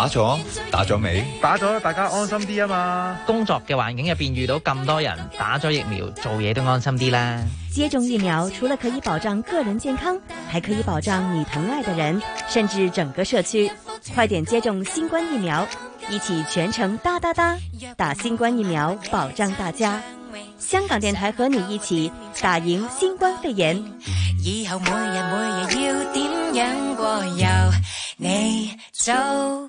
打咗，打咗未？打咗，大家安心啲啊嘛！工作嘅環境入邊遇到咁多人打咗疫苗，做嘢都安心啲啦。接種疫苗除了可以保障個人健康，還可以保障你疼愛的人，甚至整個社區。快點接種新冠疫苗，一起全程噠噠噠打新冠疫苗，保障大家。香港電台和你一起打贏新冠肺炎。以後每日每日要點樣過悠？你就……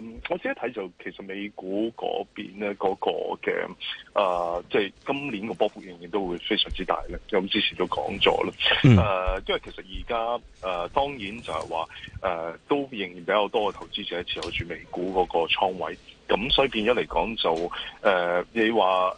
嗯，我自己睇就，其實美股嗰邊咧，嗰個嘅啊，即係今年個波幅仍然都會非常之大咧，咁之前都講咗啦。誒，因為其實而家誒當然就係話誒，都仍然比較多嘅投資者持有住美股嗰個倉位。咁所以變咗嚟講就誒、呃，你話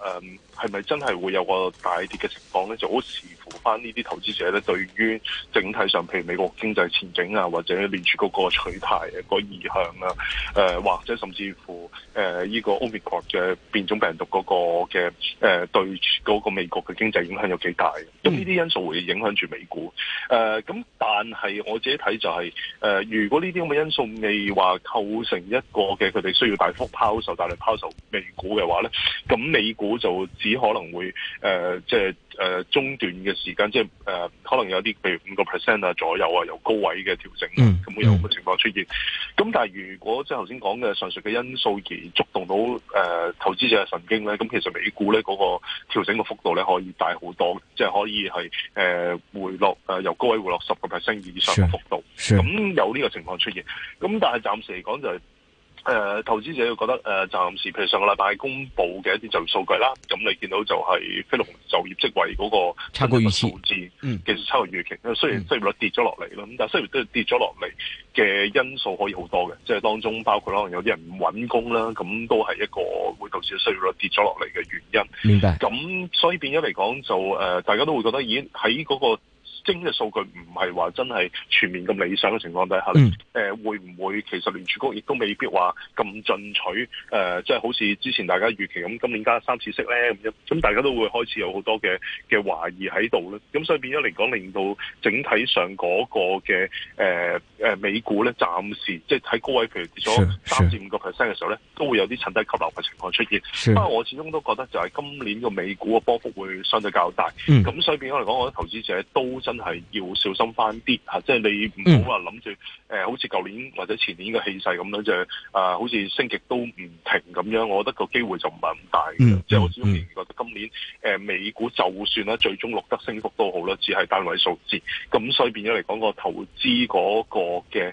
誒係咪真係會有個大跌嘅情況咧？就好視乎翻呢啲投資者咧，對於整體上譬如美國經濟前景啊，或者聯儲嗰個取態嘅、啊嗰個意向啊，誒、呃、或者甚至乎誒呢、呃這個 Omicron 嘅變種病毒嗰個嘅誒、呃、對嗰個美國嘅經濟影響有幾大？咁呢啲因素會影響住美股。誒、呃、咁，但係我自己睇就係、是、誒、呃，如果呢啲咁嘅因素未話構成一個嘅佢哋需要大幅拋售大量拋售美股嘅話咧，咁美股就只可能會誒、呃，即係誒、呃、中段嘅時間，即係誒、呃、可能有啲譬如五個 percent 啊左右啊，由高位嘅調整，咁、嗯、會有咁嘅情況出現。咁、嗯、但係如果即係頭先講嘅上述嘅因素而觸動到誒、呃、投資者嘅神經咧，咁其實美股咧嗰、那個調整嘅幅度咧可以大好多，即係可以係誒、呃、回落誒、呃、由高位回落十個 percent 以上嘅幅度，咁有呢個情況出現。咁但係暫時嚟講就係、是。誒、呃、投資者會覺得誒、呃、暫時，譬如上個禮拜公布嘅一啲就業數據啦，咁你見到就係、是、非農就業職位嗰個差個數字，嗯、其實超出預期。雖雖然失業率跌咗落嚟啦，咁、嗯、但係失業率跌咗落嚟嘅因素可以好多嘅，即係當中包括可能有啲人唔揾工啦，咁都係一個會導致失業率跌咗落嚟嘅原因。咁所以變咗嚟講，就、呃、誒大家都會覺得，已經喺嗰、那個。精嘅數據唔係話真係全面咁理想嘅情況底下，誒、嗯呃、會唔會其實聯儲局亦都未必話咁進取？誒即係好似之前大家預期咁，今年加三次息咧咁，咁大家都會開始有好多嘅嘅懷疑喺度咧。咁所以變咗嚟講，令到整體上嗰個嘅誒誒美股咧，暫時即係喺高位譬如跌咗三至五個 percent 嘅時候咧，都會有啲趁低吸流嘅情況出現。不過我始終都覺得就係今年個美股嘅波幅會相對較大，咁所以變咗嚟講，我覺得投資者都真。係要小心返啲吓，即係你唔好話諗住誒，好似舊年或者前年嘅氣勢咁樣，就呃，好似升極都唔停咁樣。我覺得個機會就唔係咁大嘅，即係我始終覺得今年呃，美股就算啦，最終錄得升幅都好啦，只係單位數字。咁所以變咗嚟講，個投資嗰個嘅。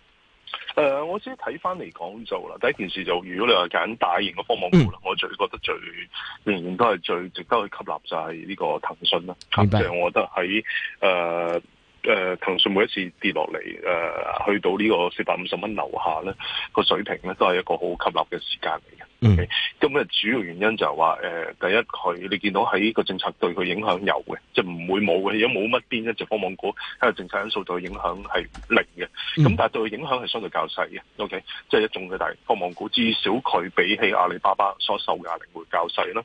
誒、呃，我先睇翻嚟講就啦，第一件事就如果你話揀大型嘅科網股啦、嗯，我最覺得最仍然都係最值得去吸納就係呢個騰訊啦。明白？即係我覺得喺誒誒騰訊每一次跌落嚟誒，去到呢個四百五十蚊樓下咧、那個水平咧，都係一個好吸納嘅時間嚟嘅。嗯，咁嘅主要原因就係話，誒，第一佢你見到喺呢個政策對佢影響有嘅，即係唔會冇嘅。如果冇乜邊一隻科網股喺政策因素對佢影響係零嘅，咁但係對佢影響係相對較細嘅。O K，即係一眾嘅，大科網股至少佢比起阿里巴巴所受嘅壓力會較細啦。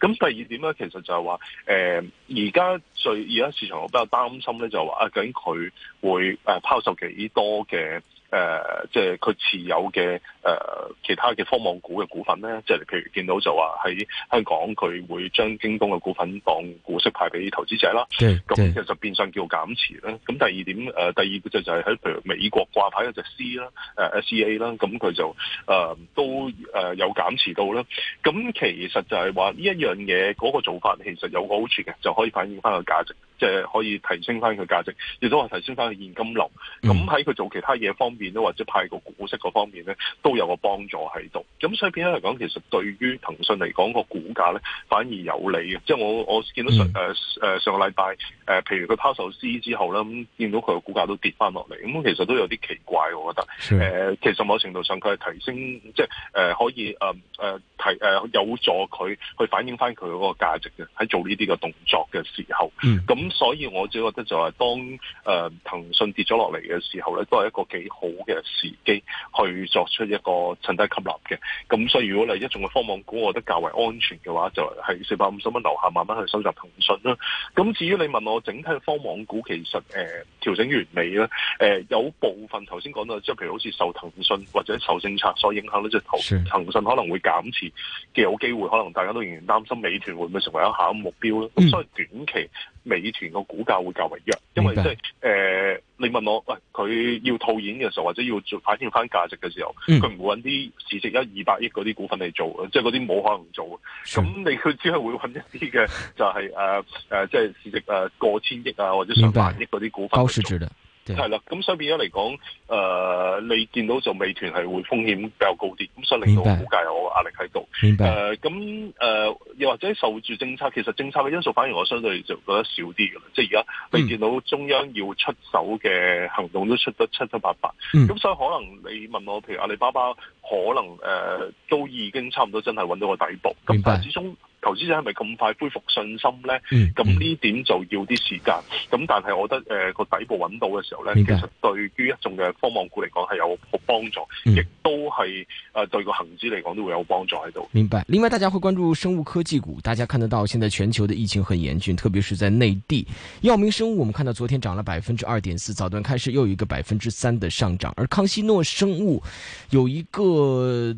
咁第二點咧，其實就係話，誒，而家最而家市場我比較擔心咧，就係話啊，究竟佢會誒拋售幾多嘅？誒、呃，即係佢持有嘅誒、呃、其他嘅科網股嘅股份咧，即、就、係、是、譬如見到就話喺香港佢會將京東嘅股份當股息派俾投資者啦，咁其實變相叫做減持啦。咁第二點誒、呃，第二個就就係喺譬如美國掛牌嗰隻 C 啦、呃、誒 SEA 啦，咁佢就誒都誒、呃、有減持到啦。咁其實就係話呢一樣嘢嗰、那個做法其實有個好處嘅，就可以反映返個價值。即、就、係、是、可以提升翻佢價值，亦都話提升翻佢現金流。咁喺佢做其他嘢方面咧，或者派個股息嗰方面咧，都有個幫助喺度。咁所以，變咗嚟講，其實對於騰訊嚟講個股價咧，反而有利嘅。即、就是、我我見到上、嗯呃、上個禮拜誒、呃，譬如佢拋售 c 之後咧，咁、嗯、見到佢個股價都跌翻落嚟。咁、嗯、其實都有啲奇怪，我覺得。呃、其實某程度上佢係提升，即、就、係、是呃、可以誒、呃、提、呃、有助佢去反映翻佢個個價值嘅喺做呢啲嘅動作嘅時候。咁、嗯嗯所以我只覺得就係當誒、呃、騰訊跌咗落嚟嘅時候咧，都係一個幾好嘅時機去作出一個趁低吸納嘅。咁所以如果你一種嘅科網股，我覺得較為安全嘅話，就喺四百五十蚊樓下慢慢去收集騰訊啦。咁至於你問我整體科網股其實誒、呃、調整完未咧？誒、呃、有部分頭先講到即係，譬如好似受騰訊或者受政策所影響咧，就騰訊騰訊可能會減持嘅，既有機會可能大家都仍然擔心美團會唔會成為下一個目標咧。咁所以短期。嗯美團個股價會較為弱，因為即係誒，你問我喂，佢要套現嘅時候，或者要做反映返價值嘅時候，佢、嗯、唔會揾啲市值一二百億嗰啲股份嚟做，即係嗰啲冇可能做的。咁你佢只係會揾一啲嘅、就係呃呃，就係誒誒，即係市值誒過千億啊，或者上萬億嗰啲股份。係啦，咁所以變咗嚟講，誒、呃，你見到就美團係會風險比較高啲，咁所以令到股價有壓力喺度。明白。誒，咁、呃、誒，又、呃、或者受住政策，其實政策嘅因素反而我相對就覺得少啲嘅啦。即係而家你見到中央要出手嘅行動都出得七七八八，咁所以可能你問我，譬如阿里巴巴，可能誒、呃、都已經差唔多真係搵到個底部，咁但係始終。投資者係咪咁快恢復信心咧？咁、嗯、呢、嗯、點就要啲時間。咁但係我覺得誒個、呃、底部揾到嘅時候呢，其實對於一眾嘅科網股嚟講係有好幫助，亦、嗯、都係誒、呃、對個恒指嚟講都會有幫助喺度。明白。另外，大家會關注生物科技股，大家看得到，現在全球的疫情很嚴峻，特別是在內地。藥明生物，我們看到昨天漲了百分之二點四，早段開始又有一個百分之三的上漲，而康希諾生物有一個。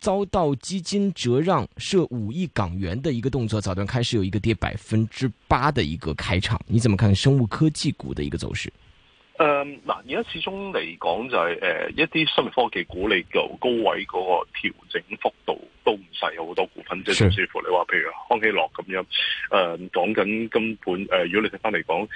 遭到基金折讓，涉五億港元的一個動作，早段開始有一個跌百分之八的一個開場，你怎麼看生物科技股的一個走勢？嗯，嗱，而家始終嚟講就係、是、誒、呃，一啲生物科技股，你由高位嗰個調整幅度。都唔使好多股份，即係甚至乎你話，譬如康希諾咁樣，講、呃、緊根本、呃、如果你睇翻嚟講，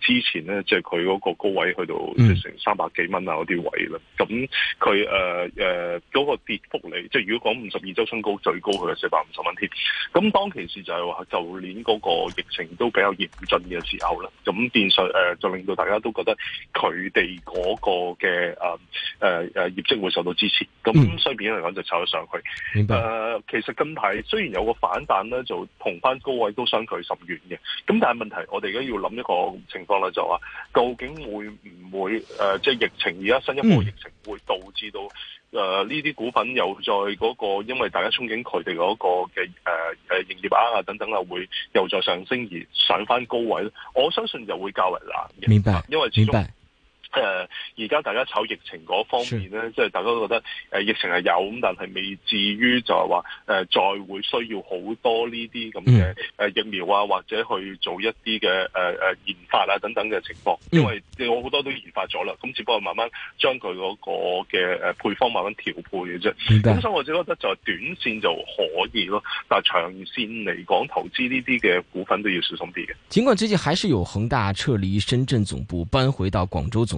之前咧，即係佢嗰個高位去到、嗯、成三百幾蚊啊嗰啲位啦，咁佢誒嗰個跌幅嚟，即係如果講五十二週新高最高佢係四百五十蚊添，咁當其時就係話舊年嗰個疫情都比較嚴峻嘅時候啦，咁變相、呃、就令到大家都覺得佢哋嗰個嘅誒誒誒業績會受到支持，咁所片嚟講就炒咗上去。明白。誒、呃，其實近排雖然有個反彈咧，就同翻高位都相距甚遠嘅。咁但係問題，我哋而家要諗一個情況啦，就話究竟會唔會誒、呃，即係疫情而家新一波疫情會導致到誒呢啲股份又再嗰、那個，因為大家憧憬佢哋嗰個嘅誒誒營業額啊等等啊，會又再上升而上翻高位咧。我相信又會較為難嘅。明白，因為始終。誒，而家大家炒疫情嗰方面咧，即係、就是、大家都覺得誒，疫情係有咁，但係未至於就係話誒，再會需要好多呢啲咁嘅誒疫苗啊、嗯，或者去做一啲嘅誒誒研發啊等等嘅情況、嗯。因為我好多都研發咗啦，咁只不過慢慢將佢嗰個嘅誒配方慢慢調配嘅啫。咁、嗯、所以我只覺得就係短線就可以咯，但係長線嚟講，投資呢啲嘅股份都要小心啲嘅。盡管最近還是有恒大撤離深圳總部，搬回到廣州總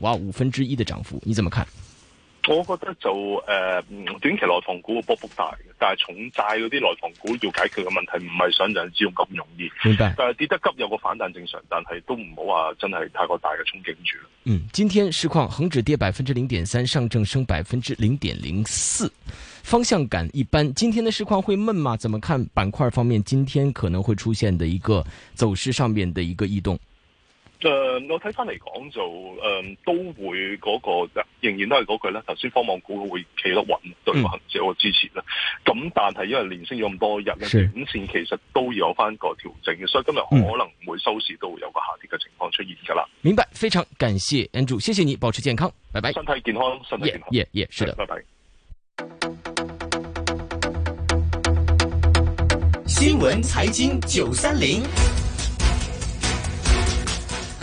哇，五分之一的漲幅，你怎麼看？我覺得就、呃、短期內房股波幅大，但係重債嗰啲內房股要解決嘅問題，唔係想像之中咁容易。明白。但係跌得急有個反彈正常，但係都唔好話真係太過大嘅憧憬住。嗯，今天市況，恒指跌百分之零點三，上證升百分之零點零四，方向感一般。今天的市況會悶嗎？怎麼看板塊方面，今天可能會出現的一個走勢上面的一個異動。誒、呃，我睇翻嚟講就誒、呃，都會嗰、那個仍然都係嗰句咧。頭先科網股會企得穩，對恒指有個支持啦。咁、嗯、但係因為連升咗咁多日，短綫其實都有翻個調整嘅，所以今日可能會收市、嗯、都會有個下跌嘅情況出現噶啦。明白，非常感謝 Andrew，謝謝你保持健康，拜拜。身體健康，身體健康，耶耶，是的，拜拜。新聞財經九三零。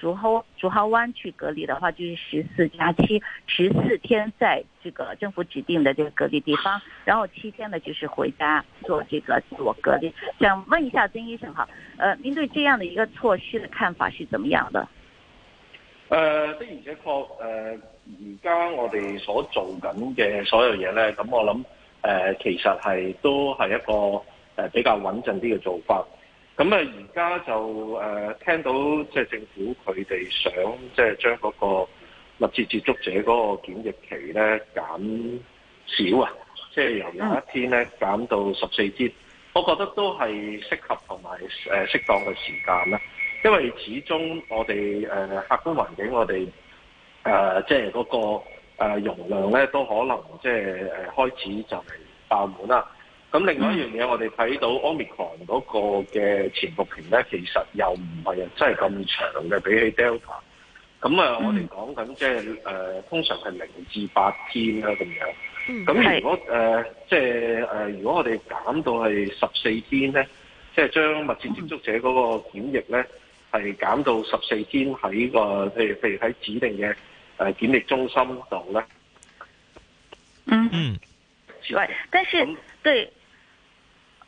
竹篙竹篙灣去隔離的話，就是十四加七十四天，在這個政府指定的這個隔離地方，然後七天呢，就是回家做這個自我隔離。想問一下曾醫生哈，呃，您對這樣的一個措施的看法是怎麼樣的？呃的而且確，誒、呃，而家我哋所做緊嘅所有嘢呢，咁我諗誒、呃，其實係都係一個誒比較穩陣啲嘅做法。咁啊，而家就誒聽到即係政府佢哋想即係將個密切接觸者嗰個檢疫期咧減少啊，即係由廿一天咧減到十四天，我覺得都係適合同埋誒適當嘅時間啦。因為始終我哋誒客觀環境，我哋誒即係個誒容量咧都可能即係誒開始就係爆滿啦。咁另外一樣嘢，我哋睇到 Omicron 嗰個嘅潛伏期咧，其實又唔係真係咁長嘅，比起 Delta。咁啊、就是，我哋講緊即係通常係零至八天啦，咁樣。咁如果、呃、即係、呃、如果我哋減到係十四天咧，即係將密切接觸者嗰個檢疫咧，係減到十四天喺、個譬如譬如喺指定嘅誒檢疫中心度咧。嗯嗯，喂，但是對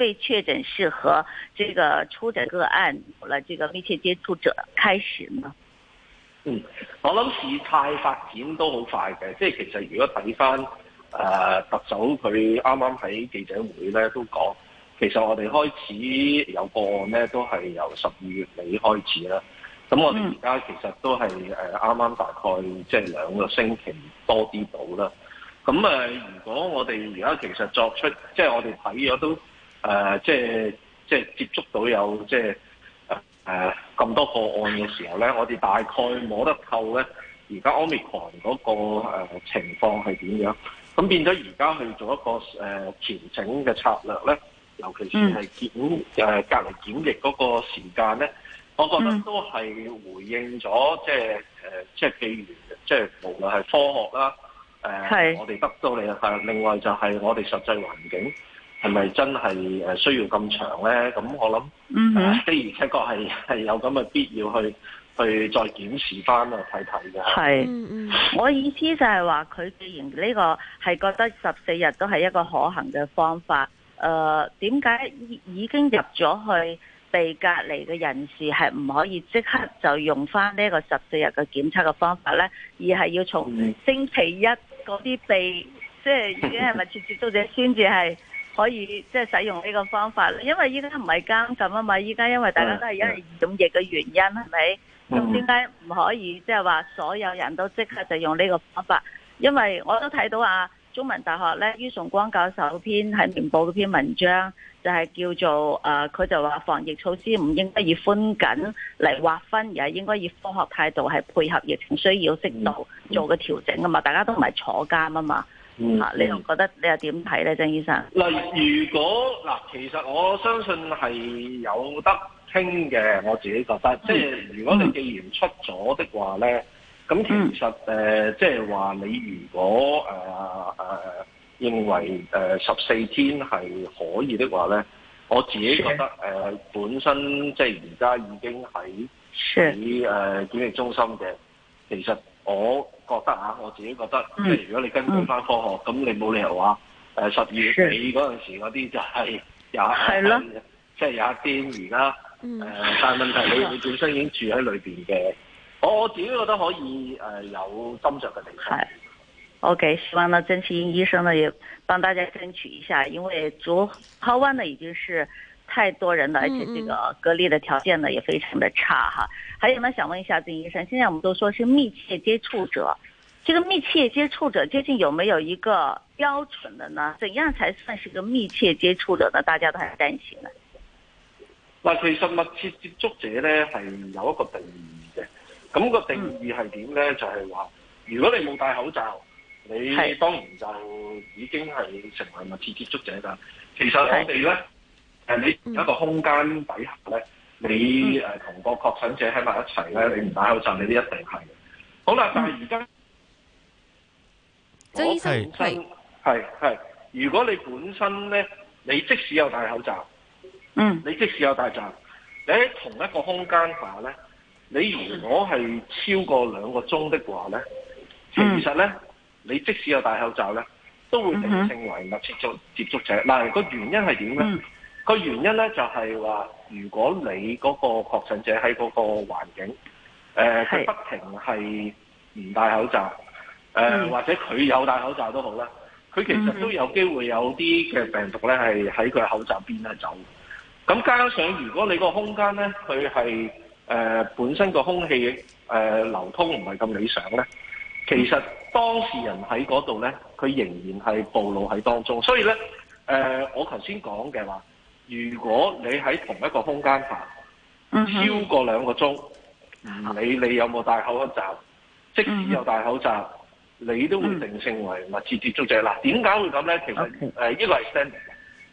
被確診適合這個出診個案有了這個密切接觸者開始嗎？嗯，我諗事態發展都好快嘅，即係其實如果睇翻誒特首佢啱啱喺記者會咧都講，其實我哋開始有個案咧都係由十二月尾開始啦。咁我哋而家其實都係誒啱啱大概即係兩個星期多啲到啦。咁誒如果我哋而家其實作出即係、就是、我哋睇咗都。誒、呃，即係即係接觸到有即係誒誒咁多個案嘅時候咧，我哋大概摸得透咧，而家 Omicron 嗰、嗰個、呃、情況係點樣？咁變咗而家去做一個、呃、調整嘅策略咧，尤其是係檢、嗯、隔離檢疫嗰個時間咧，我覺得都係回應咗、嗯、即係誒即係譬如即係無論係科學啦誒、呃，我哋得到嚟啊，另外就係我哋實際環境。係咪真係誒需要咁長呢？咁我諗、mm -hmm. 啊，的而且確係係有咁嘅必要去去再檢視翻個睇睇嘅。係，我意思就係話佢既然呢、呢個係覺得十四日都係一個可行嘅方法，誒點解已經入咗去被隔離嘅人士係唔可以即刻就用翻呢個十四日嘅檢測嘅方法呢？而係要從星期一嗰啲被、mm -hmm. 即係已經係密切接觸者先至係。 可以即係、就是、使用呢個方法，因為依家唔係監禁啊嘛，依家因為大家都係因為染疫嘅原因係咪？咁點解唔可以即係話所有人都即刻就用呢個方法？因為我都睇到啊，中文大學咧于崇光教授首篇喺《明報》嗰篇文章就係、是、叫做誒，佢、呃、就話防疫措施唔應該以寬緊嚟劃分，而係應該以科學態度係配合疫情需要適度做個調整啊嘛，大家都唔係坐監啊嘛。嗯，嗯，你又覺得你又點睇咧，曾醫生？嗱，如果嗱，其實我相信係有得傾嘅，我自己覺得，嗯、即係如果你既然出咗的話咧，咁、嗯、其實誒，即係話你如果誒誒、呃呃、認為誒十四天係可以的話咧，我自己覺得誒、呃、本身即係而家已經喺以誒檢疫中心嘅，其實。我覺得嚇，我自己覺得，即係如，如果你根據翻科學，咁、嗯、你冇理由話誒十二月尾嗰陣時嗰啲就係也即係一啲而家誒，但係、就是呃嗯、問題你你本身已經住喺裏邊嘅，我我自己覺得可以誒、呃、有斟酌嘅地方。O、okay, K，希望呢，曾祈殷醫生呢也幫大家爭取一下，因為竹篙灣呢已經是太多人了，嗯嗯，而且這個隔離的條件呢也非常的差哈。還有呢？想問一下曾醫生，現在我們都說是密切接觸者，這個密切接觸者究竟有沒有一個標準的呢？怎樣才算是個密切接觸者呢？大家都係擔心啦。嗱，其實密切接觸者呢，係有一個定義嘅，咁、那個定義係點呢？嗯、就係、是、話如果你冇戴口罩，你當然就已經係成為密切接觸者噶。其實我哋呢，誒、嗯，你有一個空間底下呢。你誒同個確診者喺埋一齊咧、嗯，你唔戴口罩，你都一定係。好啦，但係而家，即係係係係，如果你本身咧，你即使有戴口罩，嗯，你即使有戴口罩，你喺同一個空間下咧，你如果係超過兩個鐘的話咧、嗯，其實咧，你即使有戴口罩咧，都會定性為密切接，接觸者。嗱、那，個原因係點咧？嗯個原因咧就係、是、話，如果你嗰個確診者喺嗰個環境，誒、呃、佢不停係唔戴口罩，誒、呃、或者佢有戴口罩都好啦，佢其實都有機會有啲嘅病毒咧係喺佢口罩邊咧走。咁加上如果你個空間咧佢係誒本身個空氣、呃、流通唔係咁理想咧，其實當事人喺嗰度咧佢仍然係暴露喺當中。所以咧誒、呃、我頭先講嘅話。如果你喺同一個空間範超過兩個鐘，唔理你有冇戴口罩，mm-hmm.，mm-hmm. 即使有戴口罩，你都會定性為密切接觸者。嗱，點解會咁咧？其實誒，一個係 standard，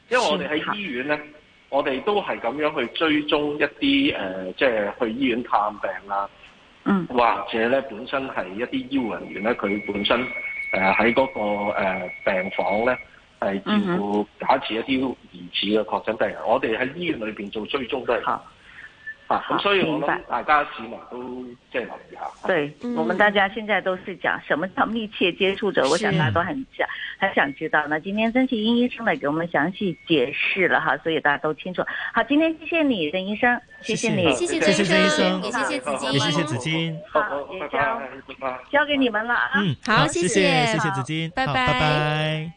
因為我哋喺醫院咧，我哋都係咁樣去追蹤一啲誒、呃，即係去醫院探病啊，mm-hmm. 或者咧本身係一啲醫護人員咧，佢本身誒喺嗰個、呃、病房咧。係照顧，假設一啲疑似嘅確診病人，我哋喺醫院裏邊做追蹤都係。吓，咁、啊、所以我諗大家市民都即係留意下。對、嗯，我們大家現在都是講什麼叫密切接觸者，我想大家都很想，很想知道。那今天曾祈殷醫生嚟給我們詳細解釋了哈，所以大家都清楚。好，今天謝謝你，曾醫生，謝謝你，謝謝曾醫生，也謝謝子矜，也謝謝子矜。好也交，拜拜，交給你們啦、啊。嗯，好，謝謝，謝謝子矜，拜拜。拜拜。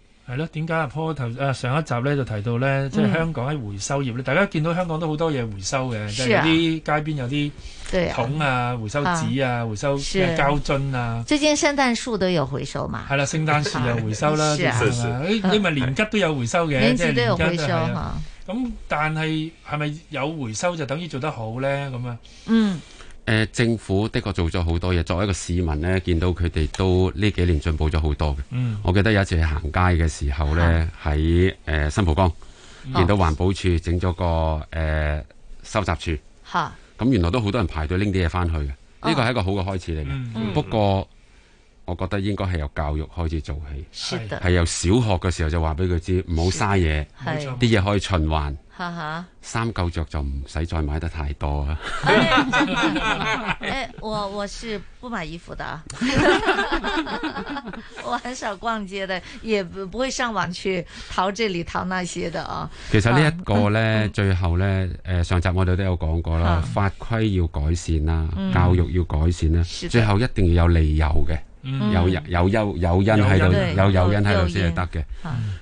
係咯，點解啊？坡頭啊，上一集咧就提到咧，即、就、係、是、香港喺回收業咧、嗯，大家見到香港都好多嘢回收嘅，即係啲街邊有啲桶啊，啊、回收紙啊、啊回收膠樽啊。最近聖誕樹都有回收嘛？係啦、啊，聖誕樹又回收啦，你咪、啊就是啊啊啊啊、年桔都有回收嘅，即係都有回收啊嘛。咁、啊、但係係咪有回收就等於做得好咧？咁啊？嗯。呃、政府的確做咗好多嘢，作為一個市民呢，見到佢哋都呢幾年進步咗好多嘅。嗯、我記得有一次去行街嘅時候呢，喺嗎、呃、新蒲崗，見到環保處整咗個、呃、收集處。咁嗎、嗯、原來都好多人排隊拎啲嘢翻去嘅。呢個係一個好嘅開始嚟嘅。嗯、不過我覺得應該係由教育開始做起，係的由小學嘅時候就話俾佢知，唔好嘥嘢，啲嘢錯可以循環。哈哈，三夠着就唔使再買得太多啊！誒、哎 哎，我我是不買衣服的， 我很少逛街的，也不不會上網去淘這裏淘那些的啊。其實這呢一個咧，最後咧，誒、嗯、上集我哋都有講過啦、啊，法規要改善啦、嗯，教育要改善啦、嗯，最後一定要有理由嘅。有有有有因喺度，有有因喺度先係得嘅。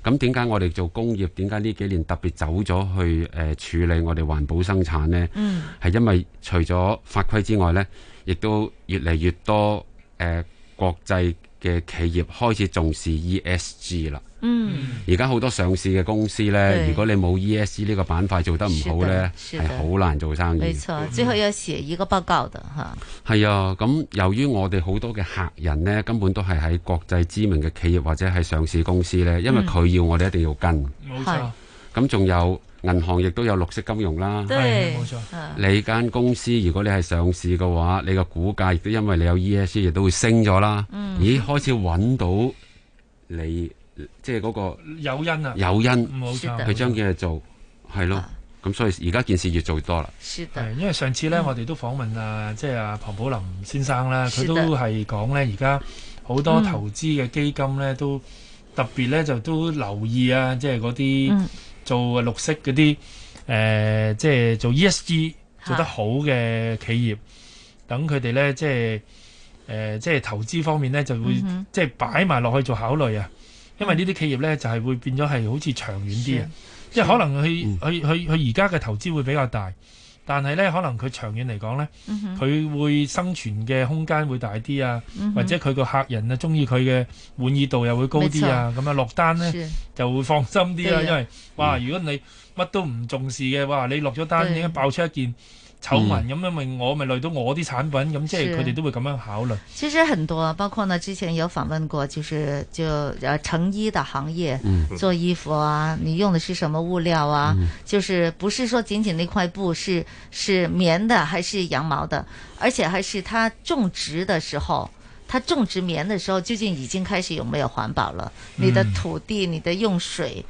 咁點解我哋做工業？點解呢幾年特別走咗去誒、呃、處理我哋環保生產呢？嗯，係因為除咗法規之外呢，亦都越嚟越多誒、呃、國際嘅企業開始重視 ESG 啦。嗯，而家好多上市嘅公司呢，如果你冇 ESG 呢個板塊做得唔好呢，係好難做生意的。冇錯，最後要寫一個報告度吓。係、嗯、啊，咁由於我哋好多嘅客人呢，根本都係喺國際知名嘅企業或者係上市公司呢，因為佢要我哋一定要跟。冇、嗯、錯。咁仲有銀行亦都有綠色金融啦。對對，你間公司如果你係上市嘅話，你個股價亦都因為你有 ESG 亦都會升咗啦。嗯。咦，開始揾到你。即係嗰個誘因啊，誘因誘因，誘因，冇錯。佢將嘅做，係咯，咁所以而家件事越做越多啦。係，因為上次咧、嗯，我哋都訪問啊，即係阿龐寶林先生啦，佢都係講咧，而家好多投資嘅基金咧，都特別咧就都留意啊，即係嗰啲做綠色嗰啲誒，即、呃、係、就是、做 E S G 做得好嘅企業，等佢哋咧即係誒，即係、就是呃就是、投資方面咧就會即係擺埋落去做考慮啊。因為呢啲企業呢，就係、是、會變咗係好似長遠啲啊，即係可能佢佢佢佢而家嘅投資會比較大，但係呢，可能佢長遠嚟講呢，佢、嗯、會生存嘅空間會大啲啊、嗯，或者佢個客人啊中意佢嘅滿意度又會高啲啊，咁啊落單呢，就會放心啲啦、啊啊，因為哇，如果你乜都唔重視嘅話，你落咗單已經爆出一件。醜聞咁，因為我咪累到我啲產品，咁即係佢哋都會咁樣考慮。其實很多，包括呢之前有訪問過、就是，就是就呃成衣的行業、嗯，做衣服啊，你用的是什麼物料啊？嗯、就是不是說僅僅那塊布是是棉的還是羊毛的，而且還是它種植的時候，它種植棉的時候，究竟已經開始有沒有環保了？你的土地，你的用水。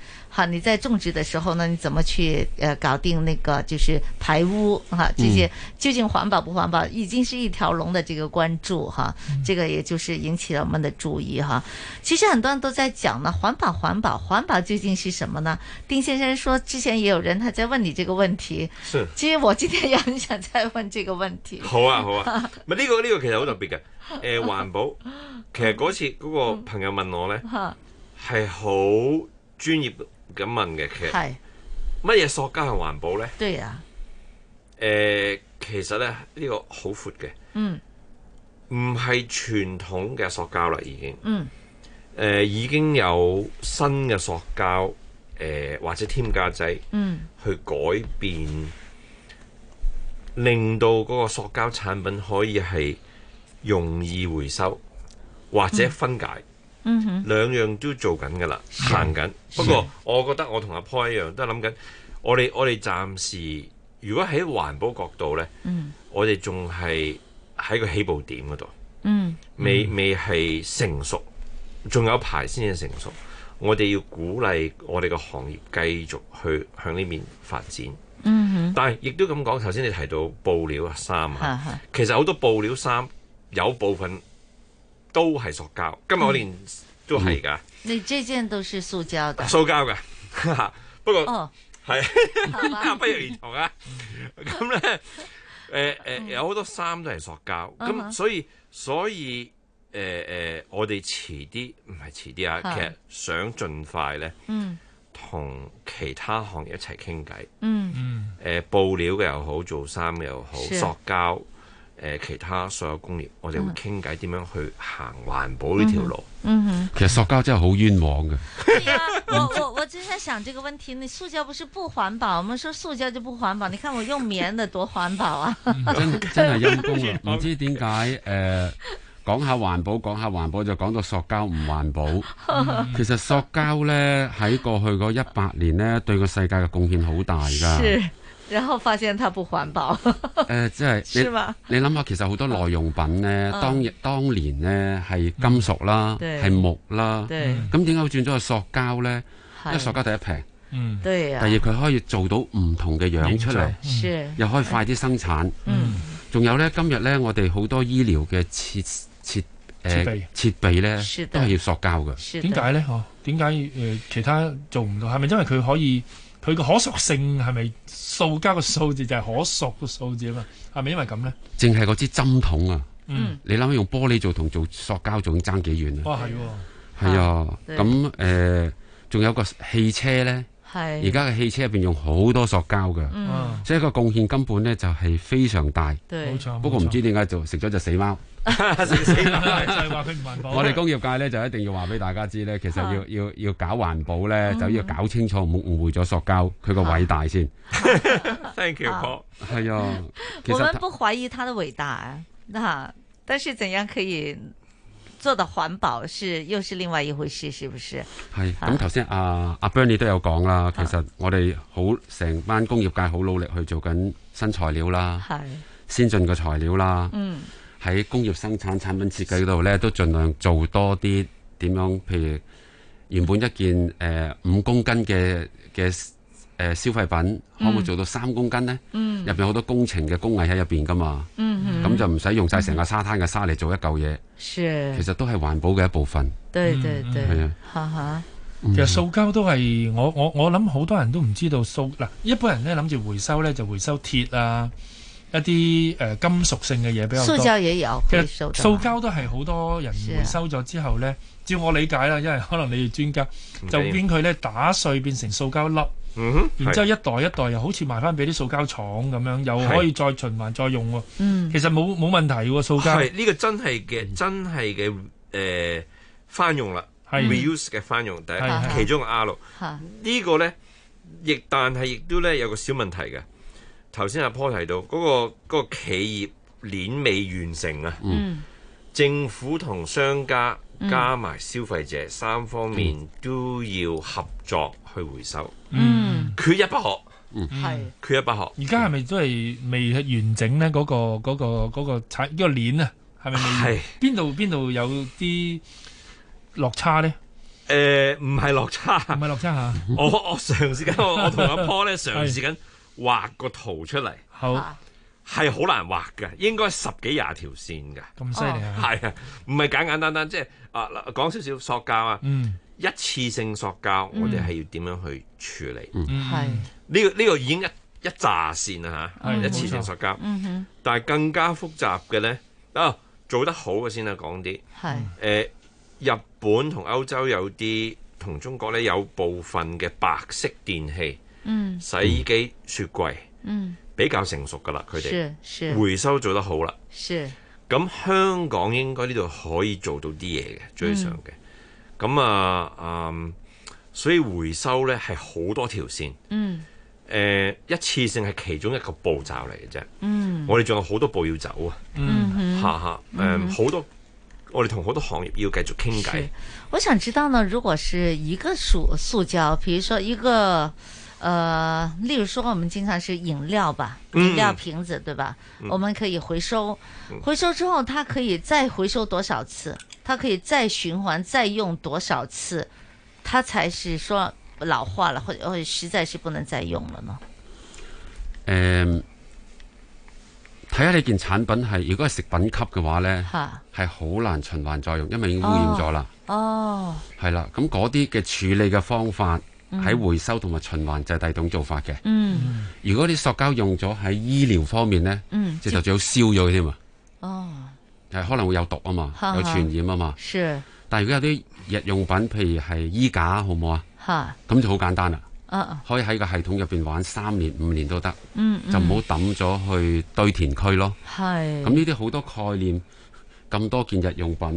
你在種植的時候呢，你怎麼去呃搞掂那個就是排污啊？這些究竟環保不環保，已經是一條龍的這個關注哈、啊。這個也就是引起了我們的注意哈、啊。其實很多人都在講呢，環保，環保，環保，究竟是什麼呢？丁先生說，之前也有人他在問你這個問題。是。其實我今天也很想再問這個問題。好啊，好啊。咪 呢、這個呢、這個其實好特別嘅。誒、呃，環保，其實嗰次嗰個朋友問我咧，係好專業。咁問嘅，其實乜嘢塑膠係環保呢？對啊，呃、其實咧呢、這個好闊嘅，嗯，唔係傳統嘅塑膠啦，已經，嗯，呃、已經有新嘅塑膠、呃，或者添加劑，去改變，嗯、令到嗰個塑膠產品可以係容易回收或者分解。嗯嗯哼，兩樣都做緊噶啦，行緊。 不過我覺得我同阿 Po 一樣都係諗緊，我哋我哋暫時如果喺環保角度咧，嗯、mm-hmm.，我哋仲係喺個起步點嗰度，嗯、mm-hmm.，未未係成熟，仲有排先至成熟。我哋要鼓勵我哋個行業繼續去向呢面發展。嗯、mm、哼 -hmm.，但係亦都咁講，頭先你提到布料衫， 其實好多布料衫有部分。都係塑膠，今日我連、嗯、都係噶、嗯。你這件都是塑膠的，塑膠噶，不過哦係， 不約而同啊。咁 咧，誒、呃、誒、呃嗯，有好多衫都係塑膠，咁、嗯、所以所以誒誒、呃呃，我哋遲啲唔係遲啲啊，其實想盡快咧，嗯，同其他行業一齊傾偈，嗯嗯，誒、呃，布料嘅又好，做衫嘅又好，塑膠。誒其他所有工業，我哋會傾偈點樣去行環保呢條路、嗯嗯。其實塑膠真係好冤枉嘅 我我我正在想這個問題。你塑膠不是不環保？我們說塑膠就不環保。你看我用棉的多環保啊！ Okay . 真真係陰功啊。唔 知點解誒，講下環保，講下環保就講到塑膠唔環保。 其實塑膠呢，喺過去嗰一百年呢，對個世界嘅貢獻好大㗎。 然後發現它不環保。誒、 呃，即、就、係、是，你諗下，其實好多耐用品咧、啊，當日當年咧係金屬啦，係、嗯、木啦，咁點解會轉咗個塑膠呢？因為塑膠第一平，嗯，對啊、第二佢可以做到唔同嘅樣出嚟、嗯，又可以快啲生產。仲、嗯、有呢，今日呢，我哋好多醫療嘅設設誒設、呃、設備設、備設備呢是都係要塑膠嘅。點解呢？哦，點解、呃、其他做唔到？係咪因為佢可以？佢個可塑性係咪塑膠個數字就係、是、可塑個數字啊？嘛係咪因為咁咧？淨係嗰支針筒啊！嗯，你諗下用玻璃做同做塑膠仲爭幾遠啊？哦係喎，係、哦哦、啊，咁誒、嗯，仲、呃、有個汽車咧。而家嘅汽車入邊用好多塑膠嘅、嗯，所以個貢獻根本咧就係非常大。對、冇錯，不過唔知點解就食咗隻死貓。食死就係話佢唔環保。 我哋工業界咧就一定要話俾大家知咧，其實要要、啊、要搞環保咧、嗯，就要搞清楚，唔好誤會咗塑膠佢個偉大先。啊啊啊啊、 Thank you，係啊其實。我們不懷疑他的偉大，那但是怎樣可以？做的環保是又是另外一回事，是不是？係咁，頭先阿阿 Benny 都有講啦，其實我哋好成班工業界好努力去做緊新材料啦，啊、先進嘅材料啦，喺、嗯、工業生產產品設計嗰度呢，都盡量做多啲點樣，譬如原本一件誒五、呃、公斤嘅嘅。誒、呃、消費品可唔、嗯、可以做到三公斤呢？入邊有好多工程嘅工藝喺入邊噶嘛，咁、嗯嗯、就唔使用晒成個沙灘嘅沙嚟做一嚿嘢，其實都係環保嘅一部分。對對對哈哈，其實塑膠都係我我我諗好多人都唔知道塑嗱，一般人咧諗住回收咧就回收鐵啊一啲誒、呃、金屬性嘅嘢比較多，塑料膠，膠都係好多人回收咗之後呢、啊，照我理解啦，因為可能你哋專家就將佢呢打碎變成塑膠粒。嗯哼，然之後一代一代又好似賣翻俾啲塑膠廠咁樣，又可以再循環再用喎。嗯，其實冇冇問題塑膠係呢個真係嘅，真係嘅誒翻用啦、嗯，reuse 嘅翻用，第一其中嘅 R。呢、這個呢，亦但係亦都呢有個小問題嘅。頭先阿波提到嗰、那個、那個企業鏈尾未完成啊，嗯，政府同商家加埋消費者、嗯、三方面都要合作。去回收，嗯，缺一不可，嗯，係，缺一不可。而家係咪都係未係完整咧？嗰、嗰個、嗰、嗰個、嗰、嗰個產呢、那個鏈啊，係咪未？係邊度邊度有啲落差咧？誒、呃，唔係落差，唔係落差吓、啊。 我我嘗試緊，我同阿波咧嘗試緊畫個圖出嚟， 好係好、啊、難畫噶，應該十幾廿條線噶，咁犀利係啊，唔、啊、係、啊、簡簡單單，單，即係啊講少少塑膠啊，嗯。一次性塑膠，嗯、我哋係要點樣去處理？嗯，係、嗯、呢、這個呢、這個已經一一紮線啦嚇、啊嗯，一次性塑膠。嗯哼、嗯，但係更加複雜嘅呢，啊、哦、做得好嘅先得講啲。係、呃、日本同歐洲有啲，同中國呢有部分嘅白色電器，嗯，洗衣機、雪櫃，嗯，比較成熟噶啦，佢哋回收做得好啦。咁香港應該呢度可以做到啲嘢嘅，最常嘅。嗯。咁啊，嗯、啊，所以回收咧係好多條線，嗯，誒、呃，一次性係其中一個步驟嚟嘅啫，嗯，我哋仲有好多步要走啊，嗯，下下，誒、呃，好、嗯、多，我哋同好多行業要繼續傾偈。我想知道呢，如果是一個塑塑膠，譬如說一個，呃，例如說我們經常是飲料吧，飲料瓶子、嗯、對吧、嗯？我們可以回收，回收之後它可以再回收多少次？它可以再循環再用多少次，它才是說老化了，或者或實在是不能再用了呢？誒、嗯，睇下你件產品係，如果係食品級嘅話呢，係、啊、好難循環再用，因為已經污染咗啦。哦，係、哦、啦，咁嗰啲嘅處理嘅方法喺、嗯、回收同埋循環就係第二種做法嘅。嗯，如果你塑膠用咗喺醫療方面呢，嗯，即係就最好燒咗添啊。哦。係可能會有毒啊嘛，好好有傳染啊嘛。是。但係如果有啲日用品，譬如係衣架，好唔好啊？咁就好簡單啦、啊。可以喺個系統入邊玩三年五年都得、嗯嗯。就唔好抌咗去堆填區咯。係。咁呢啲好多概念，咁多件日用品，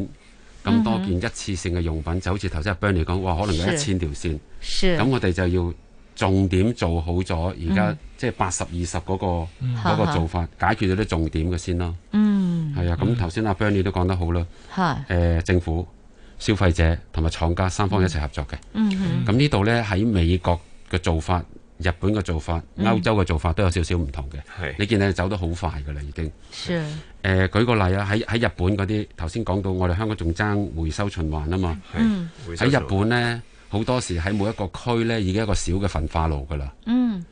咁、嗯、多件一次性嘅用品，就好似頭先阿 Ben 嚟講，哇，可能有一千條線。是。咁我哋就要。重點做好咗，而家、嗯、即係八十二十嗰個做法，嗯、解決咗啲重點嘅先咯。嗯，係啊，咁頭先阿 Benny 都講得好啦。係、嗯呃，政府、消費者同埋廠家三方一齊合作嘅。嗯，咁呢度呢，喺美國嘅做法、日本嘅做法、歐洲嘅做法都有少少唔同嘅。嗯、你見你走得好快㗎啦，已經。係是。誒、呃，舉個例啊，喺喺日本嗰啲頭先講到，我哋香港仲爭回收循環啊嘛。喺、嗯、日本呢。好多時喺每一個區呢，已經一個小嘅焚化爐噶啦。嗯，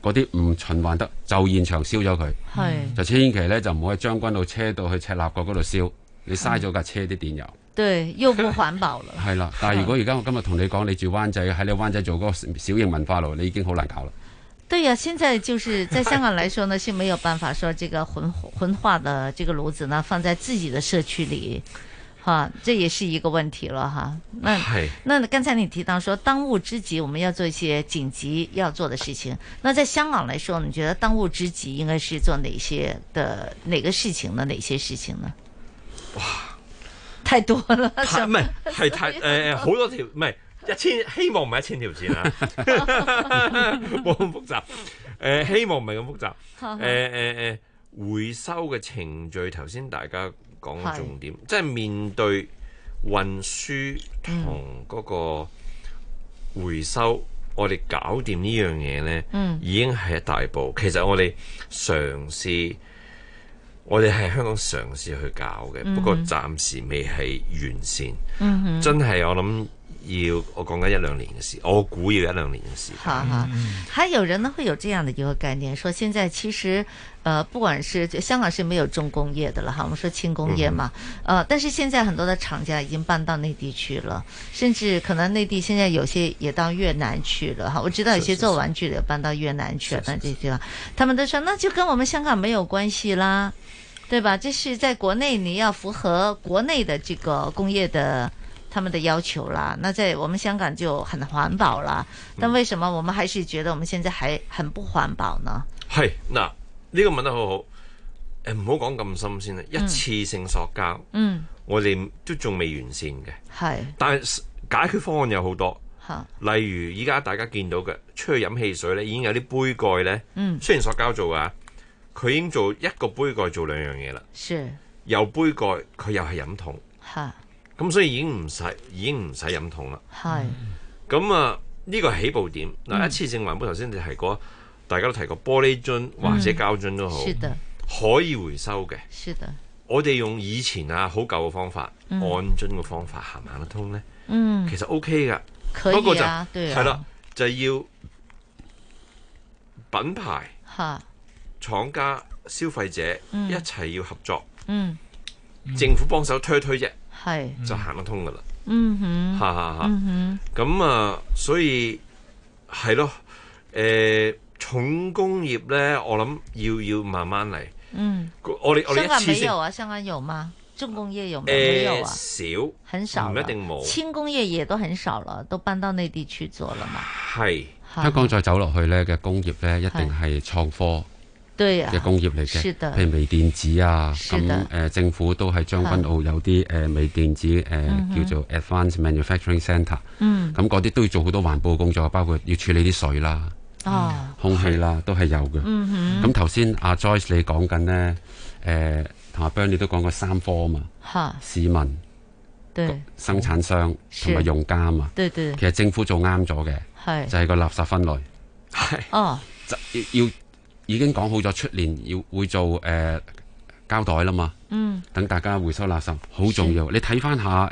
嗰啲唔循環得，就現場燒咗佢。係，就千祈呢，就唔好去將軍澳車到去赤鱲角嗰度燒，你嘥咗架車啲電油、嗯。對，又不環保了。係 啦，但係如果而家我今日同你講，你住灣仔喺你灣仔做嗰個小型焚化爐，你已經好難搞啦。對呀，現在就是在香港來說呢， 是沒有辦法說這個焚焚化的這個爐子呢，放在自己的社區裡。哈、啊，這也是一個問題了哈。那那剛才你提到說，當務之急我們要做一些緊急要做的事情。那在香港來說，你覺得當務之急應該是做哪些的哪個事情呢？哪些事情呢？哇，太多了，唔係係太誒好、呃、多條，唔係一千，希望唔係一千條線啊，冇咁複雜。誒，希望唔係咁複雜。誒誒誒，回收嘅程序，頭先大家。講重點，即係面對運輸同嗰個回收，嗯、我哋搞掂呢樣嘢呢，已經係一大步。其實我哋嘗試，我哋喺香港嘗試去搞嘅、嗯，不過暫時未係完善。嗯、真係我諗。要我講緊一兩年的事，我估要一兩年的事。哈哈，還有人呢，會有這樣的一個概念，說現在其實，呃，不管是香港是沒有重工業的了，哈，我們說輕工業嘛、嗯，呃，但是現在很多的廠家已經搬到內地去了，甚至可能內地現在有些也到越南去了，哈，我知道有些做玩具的搬到越南去了，那這些地方，他們都說那就跟我們香港沒有關係啦，對吧？這是在國內你要符合國內的這個工業的。他們的要求啦，那在我們香港就很環保啦。但為什麼我們還是覺得我們現在還很不環保呢？係、嗯、嗱，嗯嗯、呢個問得好好。誒，唔好講咁深先啦。一次性塑膠、嗯，嗯，我哋都仲未完善嘅。係，但係解決方案有好多。吓，例如依家大家見到嘅出去飲汽水咧，已經有啲杯蓋咧，嗯，雖然塑膠做啊，佢已經做一個杯蓋做兩樣嘢啦。是，有杯蓋佢又係飲桶。吓。.咁、嗯、所以已經唔使，已經唔使飲筒啦。係。咁、嗯、啊，呢、這個起步點嗱、呃，一次性環保頭先你提過，大家都提過玻璃樽或者膠樽都好、嗯，可以回收嘅。我哋用以前啊好舊嘅方法、嗯、按樽嘅方法行唔行得通呢？嗯。其實 OK 噶。可以啊。係、那、啦、個啊啊，就要品牌、廠家、消費者、嗯、一齊要合作。嗯。政府幫手推一推啫。係、嗯，就行得通噶啦。嗯哼，吓吓吓。嗯哼，咁啊，所以係咯，誒、呃，重工業咧，我諗要要慢慢嚟。嗯，我哋我哋香港沒有啊？香港有嗎？重工業有冇？有啊，少、呃，很少。一定冇。輕工業也都很少了，都搬到內地去做了嘛。係，香港再走落去咧嘅工業咧，一定係創科。嘅、啊、工業嚟嘅，譬如微電子啊，咁誒、呃、政府都喺將軍澳有啲誒、呃、微電子誒、呃嗯、叫做 Advanced Manufacturing Centre，咁、嗯、嗰啲都要做好多環保的工作，包括要處理啲水啦、啊、空氣啦，是的都係有嘅。咁頭先阿 Joyce 你講緊呢？誒同阿 Bernie 都講過三科嘛，啊、市民對生產商同埋用家嘛，對，對對，其實政府做啱咗嘅，係就係、是、個垃圾分類，係哦，要 要。已經講好咗出年要會做誒膠、呃、袋啦嘛，嗯，等大家回收垃圾，好重要。你睇翻下誒，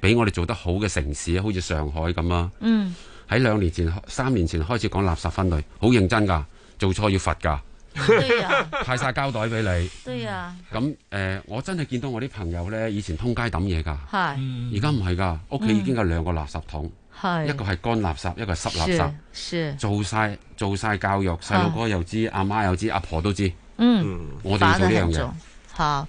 俾、呃、我哋做得好嘅城市，好似上海咁啊。嗯，喺兩年前、三年前開始講垃圾分類，好認真噶，做錯要罰噶，對啊，派晒膠袋俾你，對啊。咁、嗯、誒、呃，我真係見到我啲朋友咧，以前通街抌嘢噶，係，而、嗯、家唔係噶，屋企已經有兩個垃圾桶。是一個係乾垃圾，一個係濕垃圾。做晒做晒教育，細路哥又知，阿媽又知，阿婆都知，嗯。嗯，我哋要做呢樣嘢。好。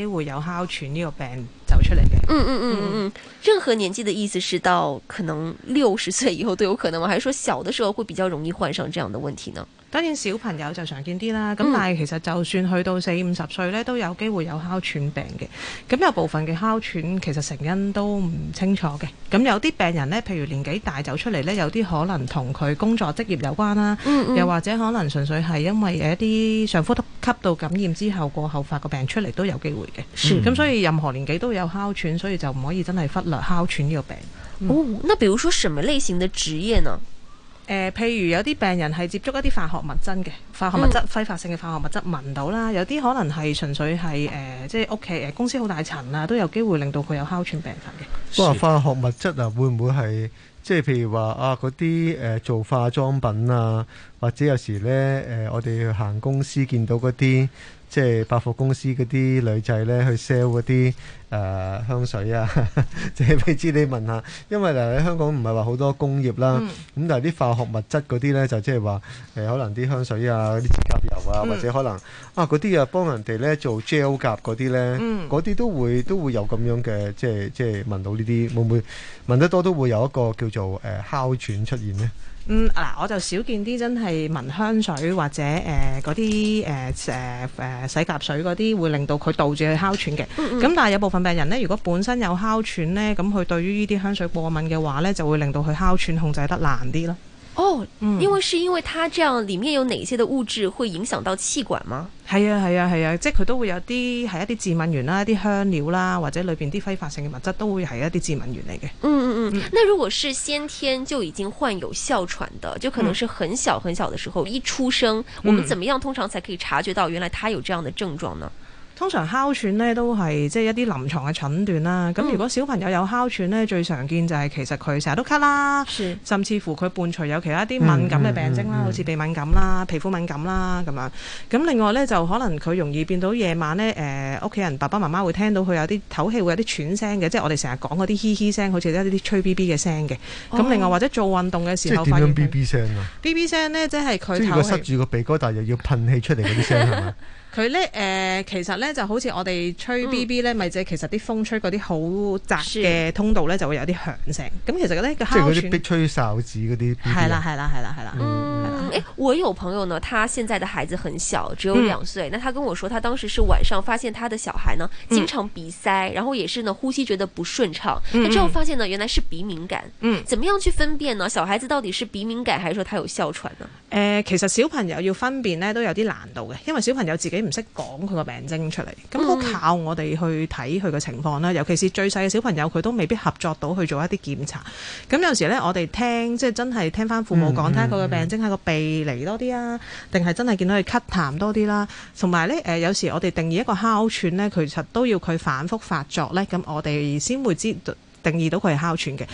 機會有哮喘呢個病。走出嚟嘅，嗯嗯嗯嗯，任何年紀的意思是到可能六十歲以後都有可能，還是說小的時候會比較容易患上這樣的問題呢？當然小朋友就常見啲啦，咁、嗯、但係其實就算去到四五十歲咧，都有機會有哮喘病嘅。咁有部分嘅哮喘其實成因都唔清楚嘅。咁有啲病人呢，譬如年紀大走出嚟呢，有啲可能同佢工作職業有關啦、嗯嗯，又或者可能純粹係因為有一啲上呼吸道感染之後過後發個病出嚟都有機會嘅。咁、嗯、所以任何年紀都有。有哮喘，所以就唔可以真係忽略哮喘呢個病、嗯。哦，那比如說什麼類型的職業呢？呃、譬如有啲病人係接觸一啲化學物質嘅化學物質、揮、嗯、發性嘅化學物質聞到啦，有啲可能係純粹係誒、呃，即係屋企誒公司好大塵啊，都有機會令到佢有哮喘病發嘅。咁、嗯、啊，化學物質啊，會唔會係即係譬如話啊嗰啲誒做化妝品啊，或者有時呢，誒、呃、我哋去行公司見到嗰啲。即係百貨公司嗰啲女仔咧，去 sell 嗰啲誒香水啊，即係未知你問下，因為嗱喺香港唔係話好多工業啦，咁、嗯、但係啲化學物質嗰啲咧，就即係話誒可能啲香水啊、啲指甲油啊、嗯，或者可能啊嗰啲啊幫人哋咧做 gel 甲嗰啲咧，嗰、嗯、啲都會都會有咁樣嘅即係即係聞到呢啲，會唔會聞得多都會有一個叫做誒哮、呃、喘出現咧？嗯，嗱，我就少見啲真係聞香水或者誒嗰啲誒誒誒洗甲水嗰啲會令到佢導致去哮喘嘅。咁、嗯嗯、但係有部分病人咧，如果本身有哮喘咧，咁佢對於呢啲香水過敏嘅話咧，就會令到佢哮喘控制得難啲咯。哦、oh，嗯，因為是因為它這樣裏面有哪些的物質會影響到氣管嗎？係啊係啊係啊，啊，即係佢都會有啲係一啲致敏原啦，一啲香料啦，或者裏邊啲揮發性嘅物質都會係一啲致敏原嚟嘅。嗯嗯嗯，那如果是先天就已經患有哮喘的，就可能是很小很小的時候、嗯、一出生，我們怎麼樣通常才可以察覺到原來他有這樣的症狀呢？通常哮喘咧都係即係一啲臨床嘅診斷啦。咁、嗯、如果小朋友有哮喘咧，最常見就係其實佢成日都咳啦，甚至乎佢伴隨有其他一啲敏感嘅病徵啦，嗯嗯嗯嗯、好似鼻敏感啦、皮膚敏感啦咁樣。咁另外咧就可能佢容易變到夜晚咧，誒、呃，屋企人爸爸媽媽會聽到佢有啲唞氣會有啲喘聲嘅，即係我哋成日講嗰啲嘻嘻聲，好似一啲吹 B B 嘅聲嘅。咁、哦、另外或者做運動嘅時候發，即係點樣 B B 聲 B B 聲咧，即係佢，塞住個鼻哥，但係又要噴氣出嚟嗰啲聲係嘛？ 佢咧誒，其實咧就好似我哋吹 B B 咧，咪即係其實啲風吹嗰啲好窄嘅通道咧，就會有啲響聲。咁其實咧，即係嗰啲逼吹哨子嗰啲。係啦，係啦，係啦，係啦。嗯。誒、欸，我有朋友呢，他現在的孩子很小，只有兩歲、嗯。那他跟我說，他當時是晚上發現他的小孩呢，嗯、經常鼻塞，然後也是呢呼吸覺得不順暢。嗯嗯、之後發現呢，原來是鼻敏感。嗯、怎麼樣去分辨呢？小孩子到底是鼻敏感，還是說他有哮喘呢？誒、呃，其實小朋友要分辨呢，都有啲難度嘅，因為小朋友自己，唔識講佢個病徵出嚟，咁好靠我哋去睇佢嘅情況啦、嗯。尤其是最細嘅小朋友，佢都未必合作到去做一啲檢查。咁有時咧，我、就、哋、是、聽即係真係聽翻父母講，睇下佢嘅病徵係個鼻離多啲啊，定係真係見到佢咳痰多啲啦、啊。同埋咧，誒有時我哋定義一個哮喘咧，其實都要佢反覆發作咧，咁我哋先會知定義到佢係哮喘嘅。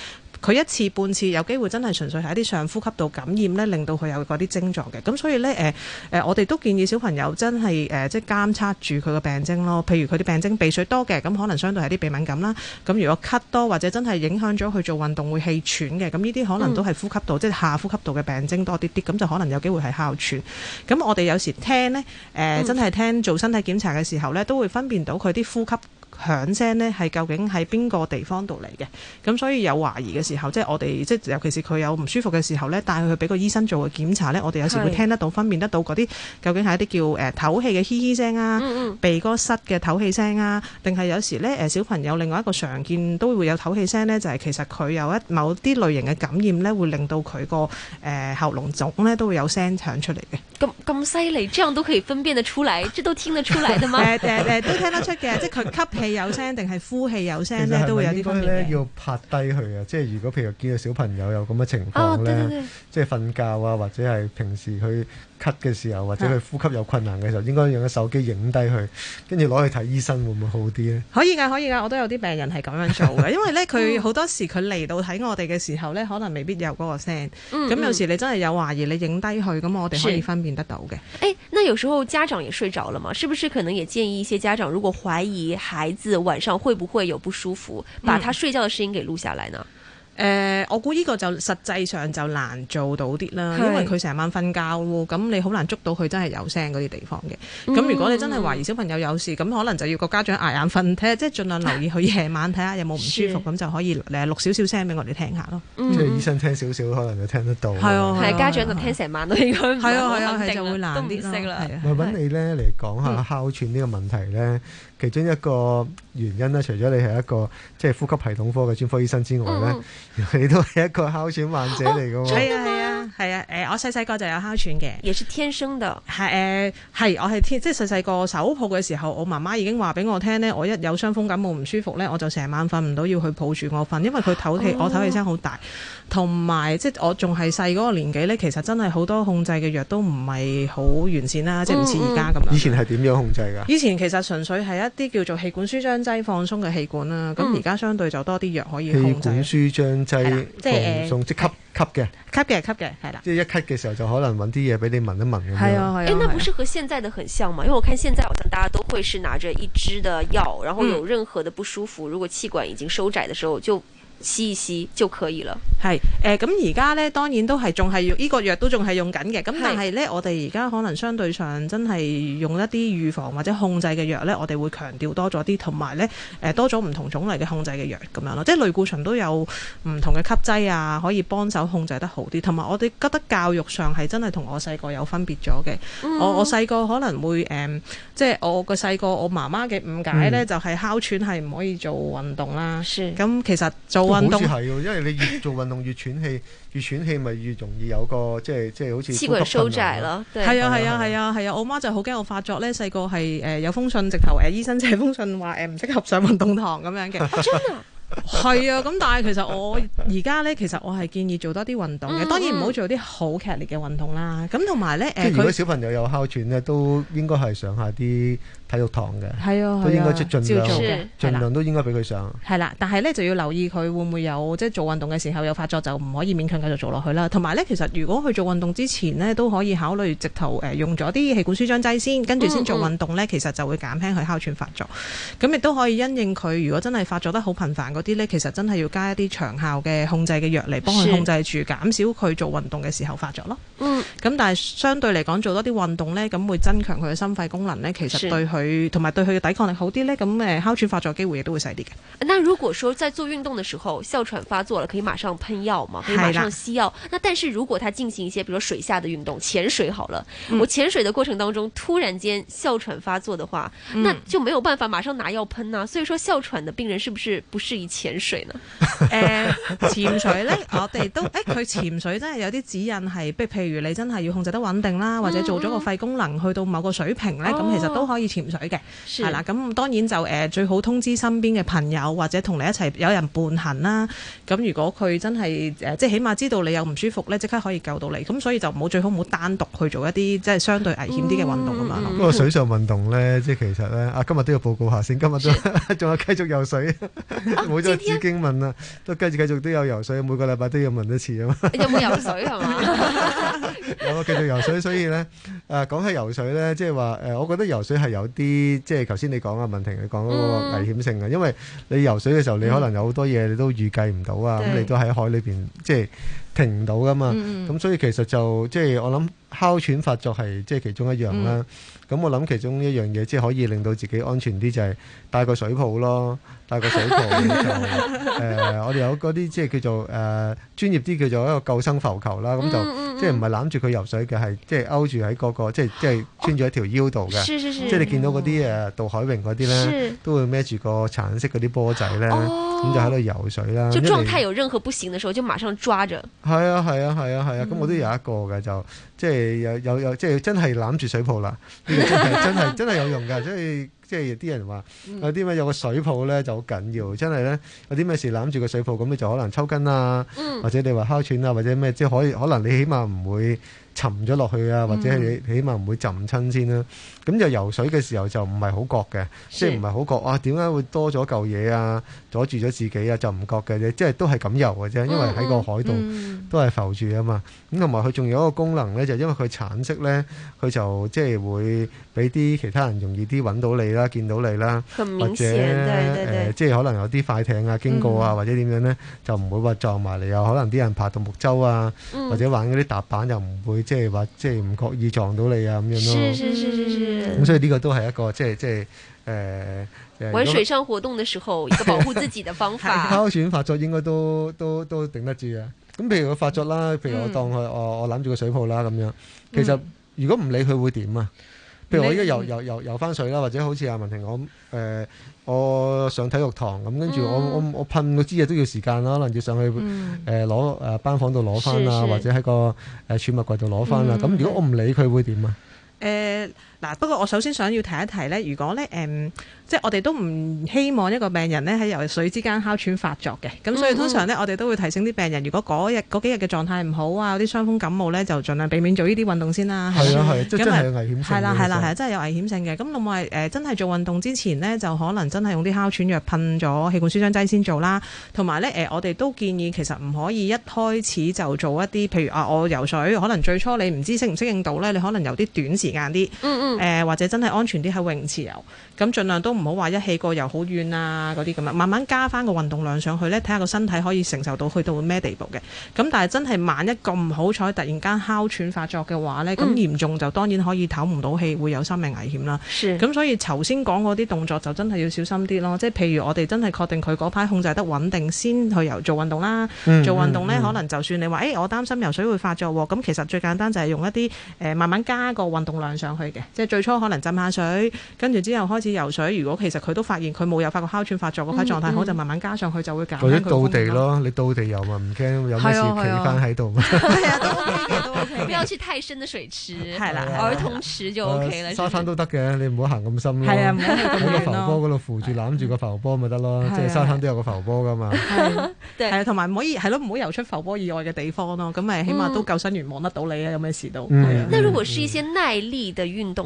佢一次半次有機會真係純粹係一啲上呼吸道感染咧，令到佢有嗰啲症狀嘅。咁所以咧、呃，我哋都建議小朋友真係即係監測住佢個病徵咯。譬如佢啲病徵鼻水多嘅，咁可能相對係啲鼻敏感啦。咁如果咳多或者真係影響咗佢做運動會氣喘嘅，咁呢啲可能都係呼吸道、嗯、即係下呼吸道嘅病徵多啲啲，咁就可能有機會係哮喘。咁我哋有時聽呢，呃嗯、真係聽做身體檢查嘅時候咧，都會分辨到佢啲呼吸響聲呢係究竟喺邊個地方度嚟嘅？咁所以有懷疑嘅時候，即係我哋即係尤其是佢有唔舒服嘅時候呢，帶佢去俾個醫生做個檢查呢，我哋有時會聽得到分辨得到嗰啲究竟係一啲叫誒唞、呃、氣嘅嘻嘻聲啊，鼻哥塞嘅唞氣聲啊，定、嗯、係、嗯、有時呢，誒小朋友另外一個常見都會有唞氣聲呢，就係、是、其實佢有一某啲類型嘅感染呢，會令到佢個誒喉嚨腫呢都會有聲響出嚟嘅。咁咁犀利，這樣都可以分辨得出嚟，即都聽得出嚟嘅嘛。誒、 呃呃呃呃、都聽得出嘅，即係佢吸氣係有聲定係呼氣有聲咧，都會有啲方面嘅。係咪要拍低佢啊？即係如果譬如見到小朋友有咁嘅情況咧、啊，即係瞓覺啊，或者係平時去。咳嘅時候或者佢呼吸有困難嘅時候，啊、應該用個手機影低佢，跟住攞去睇醫生會唔會好啲咧？可以噶、啊，可以噶、啊，我都有啲病人係咁樣做嘅， 因為咧佢好多時佢嚟到睇我哋嘅時候咧，可能未必有嗰個聲，咁、嗯嗯、有時候有時你真係有懷疑，你影低佢，咁我哋可以分辨得到嘅。誒、欸，那有時候家長也睡着了嘛，是不是可能也建議一些家長，如果懷疑孩子晚上會不會有不舒服，把他睡覺嘅聲音給錄下來呢？嗯誒、呃，我估呢個就實際上就難做到啲啦，因為佢成晚瞓覺，咁你好難捉到佢真係有聲嗰啲地方嘅。咁如果你真係懷疑小朋友有事，咁、嗯、可能就要個家長捱眼瞓睇下，即係盡量留意佢夜晚睇下有冇唔舒服，咁 就可以誒錄少少聲俾我哋聽下咯。嗯，即係醫生聽少少可能就聽得到。係啊，係、啊啊、家長就聽成晚都應該係啊，啊，啊，就會難啲聲啦。咪揾、啊啊啊啊啊、你咧嚟講下哮喘呢個問題咧。嗯其中一個原因咧，除咗你係一個即係呼吸系統科嘅專科醫生之外咧，嗯、 你都係一個哮喘患者嚟噶。係啊係啊係啊！誒、啊啊，我細細個就有哮喘嘅。也是天生的。係誒、啊，係我係天，即係細細個手抱嘅時候，我媽媽已經話俾我聽呢：「我一有傷風感冒唔舒服呢，我就成晚瞓唔到，要去抱住我瞓，因為佢唞氣，我唞氣聲好大。同埋即係我仲係細嗰個年紀呢，其實真係好多控制嘅藥都唔係好完善啦、嗯，即係唔似而家咁樣。以前係點樣控制噶？以前其實純粹係一。一啲叫做氣管舒張劑放鬆嘅氣管啦，咁而家相對就多啲藥可以控制。氣管舒張劑，即係誒，即吸吸嘅，吸嘅吸嘅，係啦。即係一咳嘅時候就可能揾啲嘢俾你聞一聞咁樣。係啊係啊。誒、欸，那不是和現在的很像嗎？因為我看現在好像大家都會是拿着一支的藥，然後有任何的不舒服，嗯、如果氣管已經收窄的時候就。吸一吸就可以了。係誒，咁而家咧，當然都係仲係要，是呢個藥，都仲係用緊嘅。咁但係咧，我哋而家可能相對上真係用一啲預防或者控制嘅藥咧，我哋會強調多咗啲，同埋咧，誒，多咗唔同種類嘅控制嘅藥咁樣咯。即係類固醇都有唔同嘅吸劑啊，可以幫手控制得好啲。同埋我哋覺得教育上係真係同我細個有分別咗嘅。我我細個可能會誒，即係我個細個我媽媽嘅誤解咧，就係、是、哮、嗯就是、喘係唔可以做運動啦。咁、嗯、其實做。運動好似係，因為你越做運動越喘氣， 越喘氣咪越容易有個即係即係好似，支氣管收窄咯，係啊係啊係啊係啊，啊，啊，啊！我媽就好驚我發作咧，細個係誒、呃、有封信直頭誒醫生寫封信話誒唔適合上運動堂咁樣嘅。 啊，係啊，咁但係其實我而家咧，其實我係建議做多啲運動嘅，當然唔好做啲好劇烈嘅運動啦。咁同埋咧，誒、呃呃，如果小朋友有哮喘咧，都應該係上下啲。體育堂嘅、啊，都應該盡盡量、啊做，盡量都應該俾佢上。係啦、啊啊啊，但係咧就要留意佢會唔會有即係、就是、做運動嘅時候有發作，就唔可以勉強繼續做落去啦。同埋咧，其實如果佢做運動之前咧，都可以考慮直頭用咗啲氣管舒張劑先，跟住先做運動咧、嗯嗯，其實就會減輕佢哮喘發作。咁亦都可以因應佢如果真係發作得好頻繁嗰啲咧，其實真係要加一啲長效嘅控制嘅藥嚟幫佢控制住，減少佢做運動嘅時候發作咯。咁、嗯、但係相對嚟講做多啲運動咧，咁會增強佢嘅心肺功能咧，其實對佢。佢同埋對佢嘅抵抗力好啲呢，咁誒哮喘發作機會亦都會細啲嘅。那如果說在做運動的時候哮喘發作了，可以馬上噴藥嘛，可以馬上吸藥？那但是如果他進行一些，比如水下的運動，潛水好了，嗯、我潛水的過程當中突然間哮喘發作的話、嗯，那就沒有辦法馬上拿藥噴啦。所以說哮喘的病人是不是不適宜潛水呢？潛、 呃、水呢，我哋都誒，佢、欸、潛水真係有啲指引係，譬如你真係要控制得穩定啦，或者做咗個肺功能、嗯、去到某個水平呢，咁、哦、其實都可以潛。水嘅係啦，咁當然就誒最好通知身邊嘅朋友或者同你一齊有人伴行啦。咁如果佢真係誒即係起碼知道你有唔舒服咧，即刻可以救到你。咁所以就唔好最好唔好單獨去做一啲即係相對危險啲嘅運動啊嘛。不過、嗯、啊、嗯、水上運動咧，即係其實咧啊今日都要報告下先，今日都仲有繼續游水。冇、啊、咗再自驚問啦，都繼續繼續都有游水，每個禮拜都要問一次啊嘛。有冇游水係嘛？有 啊，繼、嗯、續游水。所以咧誒講起游水咧，即係話誒，我覺得游水係有。啲即係頭先你講啊，文婷你講嗰個危險性啊，嗯、因為你游水嘅時候，你可能有好多嘢你都預計唔到啊，咁、嗯、你都喺海裏邊即係停唔到㗎嘛，咁、嗯、所以其實就即係我諗哮喘發作係即係其中一樣啦。嗯咁我諗其中一樣嘢，即、就、係、是、可以令到自己安全啲，就係、是、帶個水泡咯，帶個水泡就 呃。就誒，我哋有嗰啲即係叫做誒、呃、專業啲叫做一個救生浮球啦。咁、嗯、就即係唔係攬住佢游水嘅，係即係勾住喺個個即係即係穿住一條腰度嘅。即、哦、係、就是、你見到嗰啲誒渡海泳嗰啲咧，都會孭住個橙色嗰啲波仔咧，咁、哦、就喺度游水啦。就狀態有任何不行嘅時候，就馬上抓著。係啊係啊係啊係啊！咁、啊啊啊啊嗯、我都有一個嘅就。即係有有有，即係真係攬住水泡啦！呢個真係真係真係有用㗎，所 以即係啲人話有啲咩有個水泡咧就好緊要，真係咧有啲咩事攬住個水泡咁，你就可能抽筋啊，或者你話哮喘啊，或者咩，即係可以可能你起碼唔會沉咗落去啊，或者你起碼唔會浸親先啦。嗯咁就游水嘅時候就唔係好覺嘅，即係唔係好覺啊？點解會多咗嚿嘢啊？阻住咗自己啊？就唔覺嘅啫，即係都係咁游嘅啫、嗯。因為喺個海度、嗯、都係浮住啊嘛。咁同埋佢仲有一個功能咧，就是、因為佢橙色咧，佢就即係會俾啲其他人容易啲搵到你啦，見到你啦，或者對對對、呃、即係可能有啲快艇啊經過啊，嗯、或者點樣咧，就唔會話撞埋嚟。又可能啲人扒獨木舟啊，嗯、或者玩嗰啲踏板就，就唔會即係話即係唔覺意撞到你啊咁樣咯。是是是是。咁、嗯、所以呢個都係一個即係即係誒、呃、玩水上活動嘅時候， 一個保護自己嘅方法。哮 喘發作應該都都都頂得住嘅。咁譬如佢發作啦、嗯，譬如我當佢我我攬住個水泡啦咁樣、嗯。其實如果唔理佢會點啊？譬如我依家游、嗯、游游游翻水啦，或者好似阿、啊、曼婷我誒、呃，我上體育堂咁，跟住我、嗯、我我噴支嘢，都要時間啦，可能要上去誒攞誒班房度攞翻啊，或者喺個誒儲、呃、物櫃度攞翻啊。咁、嗯嗯、如果我唔理佢會點啊？誒、呃。嗱，不過我首先想要提一提咧，如果咧誒、嗯，即係我哋都唔希望一個病人咧喺游水之間哮喘發作嘅，咁、嗯、所以通常咧我哋都會提醒啲病人，如果嗰日嗰幾日嘅狀態唔好啊，有啲傷風感冒咧，就盡量避免做呢啲運動先啦。係啊係、嗯，真係危險。係啦係啦係，真係有危險性嘅。咁另外誒，真係做運動之前呢，就可能真係用啲哮喘藥噴咗氣管舒張劑先做啦。同埋咧誒，我哋都建議其實唔可以一開始就做一啲，譬如啊，我游水，可能最初你唔知適唔適應到咧，你可能有啲短時間啲。嗯誒、嗯呃、或者真係安全啲喺泳池游，咁盡量都唔好話一氣過游好遠啊嗰啲咁樣，慢慢加翻個運動量上去呢睇下個身體可以承受到去到咩地步嘅。咁但係真係萬一咁唔好彩，突然間哮喘發作嘅話呢咁嚴重就當然可以唞唔到氣，會有生命危險啦。咁所以頭先講嗰啲動作就真係要小心啲咯。即係譬如我哋真係確定佢嗰排控制得穩定，先去遊做運動啦、嗯嗯。做運動呢，嗯、可能就算你話誒、欸、我擔心游水會發作、啊，咁其實最簡單就係用一啲、呃、慢慢加個運動量上去嘅。即係最初可能浸下水，跟住之後開始游水。如果其實佢都發現佢冇有發過哮喘發作嗰啲狀態，我、嗯嗯、就慢慢加上去就會減。或者到地咯，你到地遊咪唔驚有咩事企翻喺度嘛。對啊，都 OK 嘅，都 OK。不要去太深嘅水池，係啦，兒童池就 OK 啦。沙灘都得嘅，你唔好行咁深咯。係啊，喺個浮波嗰度扶住攬住個浮波咪得咯，即係沙灘都有個浮波噶嘛。係啊，同埋唔可以係咯，唔好游出浮波以外嘅地方咯。咁、嗯、咪起碼都救生員望得到你啊，有咩事都、嗯對啊。那如果是一些耐力嘅運動？嗯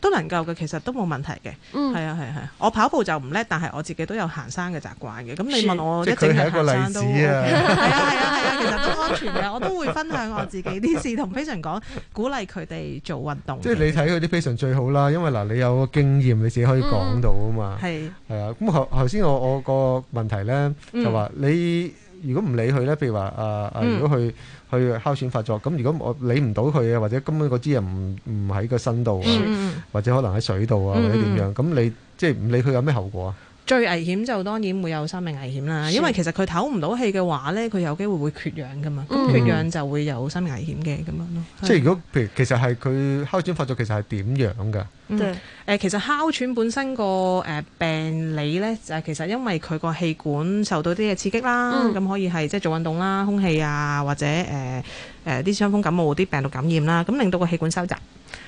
都能夠嘅，其實都冇問題嘅。嗯，係啊，係係。我跑步就唔叻，但係我自己都有行山嘅習慣嘅。咁你問我，即係一個例子啊！係啊，係啊，係啊，其實都安全嘅。我都會分享我自己啲事同 patient 講，鼓勵佢哋做運動。即係你睇佢啲 patient 最好啦，因為嗱，你有個經驗，你自己可以講到啊嘛。係係啊。咁頭頭先我我個問題咧就話你如果唔理佢咧，譬如話啊啊，如果去，去哮喘發作，咁如果我理唔到佢啊，或者根本嗰支人唔唔喺個身度啊，嗯、或者可能喺水度啊或者點樣，咁你即係唔理佢有咩後果啊？最危險就當然會有生命危險啦，因為其實佢唞唔到氣嘅話咧，佢有機會會缺氧噶嘛，咁、嗯、缺氧就會有生命危險嘅咁樣咯。嗯、是即係如果譬如其實係佢哮喘發作，其實係點樣噶？嗯，嗯、呃，其實哮喘本身個誒、呃、病理咧，就其實因為佢個氣管受到啲嘅刺激啦，咁、嗯、可以係即係做運動啦、空氣啊，或者誒誒啲傷風感冒、啲病毒感染啦，咁令到個氣管收窄。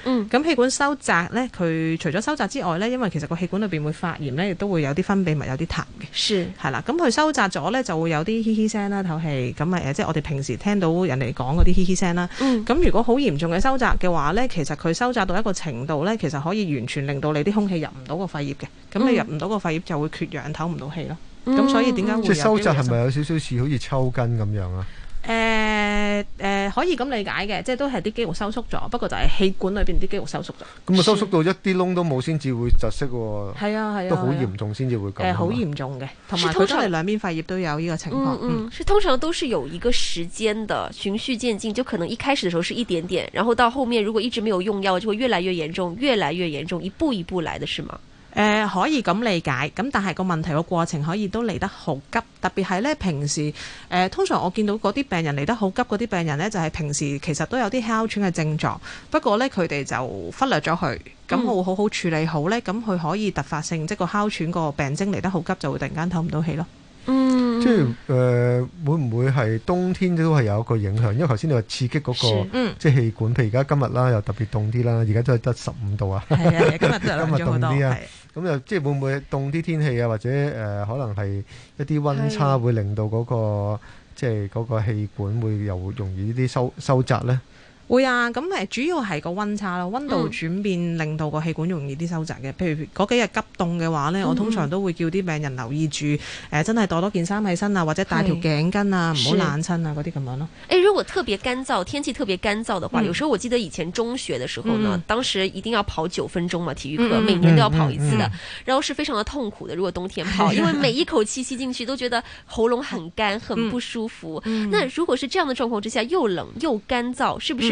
咁、嗯、氣管收窄咧，佢除咗收窄之外咧，因為其實個氣管裏邊會發炎咧，亦都會有啲分泌物有啲痰嘅。是。係啦，咁佢收窄咗咧，就會有啲嘻嘻聲啦、唞氣，咁啊誒，即係我哋平時聽到人哋講嗰啲嘻嘻聲啦。咁、嗯、如果好嚴重嘅收窄嘅話咧，其實佢收窄到一個程度咧，其實可可以完全令到你啲空氣入唔到個肺葉嘅，咁你入唔到個肺葉就會缺氧，唞唔到氣咯。咁所以點解會？即、嗯嗯嗯嗯、收窄係咪有少少似好似抽筋咁樣啊？誒、呃、誒、呃，可以咁理解嘅，即係都係啲肌肉收縮咗，不過就係氣管裏邊啲肌肉收縮咗。咁啊，收縮到一啲窿都冇，先至會窒息喎。係啊係啊，啊，都好嚴重先至會咁。誒、啊，好嚴、啊啊、重嘅，同埋佢都係兩邊肺葉都有呢個情況。嗯，嗯通常都是有一個時間的循序漸進，就可能一開始的時候是一點點，然後到後面如果一直沒有用藥，就會越來越嚴重，越來越嚴重，一步一步來的是嗎？誒、呃、可以咁理解，咁但係個問題個過程可以都嚟得好急，特別係咧平時誒、呃、通常我見到嗰啲病人嚟得好急，嗰啲病人咧就係、是、平時其實都有啲哮喘嘅症狀，不過咧佢哋就忽略咗佢，咁冇好好好處理好咧，咁、嗯、佢可以突發性即係個哮喘個病徵嚟得好急，就會突然間唞唔到氣咯。嗯，即係誒、呃，會唔會係冬天都係有一個影響？因為頭先你話刺激嗰、嗰個、嗯、即係氣管，譬如而家今日啦，又特別凍啲啦，而家都係得十五度啊。係、嗯、 啊，今日今日凍啲啊，咁又即係會唔會凍啲天氣啊？或者誒、呃，可能係一啲溫差會令到嗰、嗰個的即係嗰個氣管會又容易呢啲收收窄咧？會啊，咁、嗯、誒主要係個溫差咯，溫度轉變、嗯、令到個氣管容易啲收窄嘅。譬如嗰幾日急凍嘅話呢、嗯，我通常都會叫啲病人留意住、嗯呃，真係著多，多件衫喺身啊，或者帶條頸巾啊，唔好冷親啊嗰啲咁樣咯、哎。如果特別乾燥，天氣特別乾燥的話、嗯，有時候我記得以前中學的時候呢，嗯嗯、當時一定要跑九分鐘嘛，體育課、嗯、每年都要跑一次的、嗯嗯，然後是非常的痛苦的。如果冬天跑，嗯、因為每一口氣吸進去都覺得喉嚨很乾、嗯，很不舒服、嗯。那如果是這樣的狀況之下，又冷又乾燥，是不是、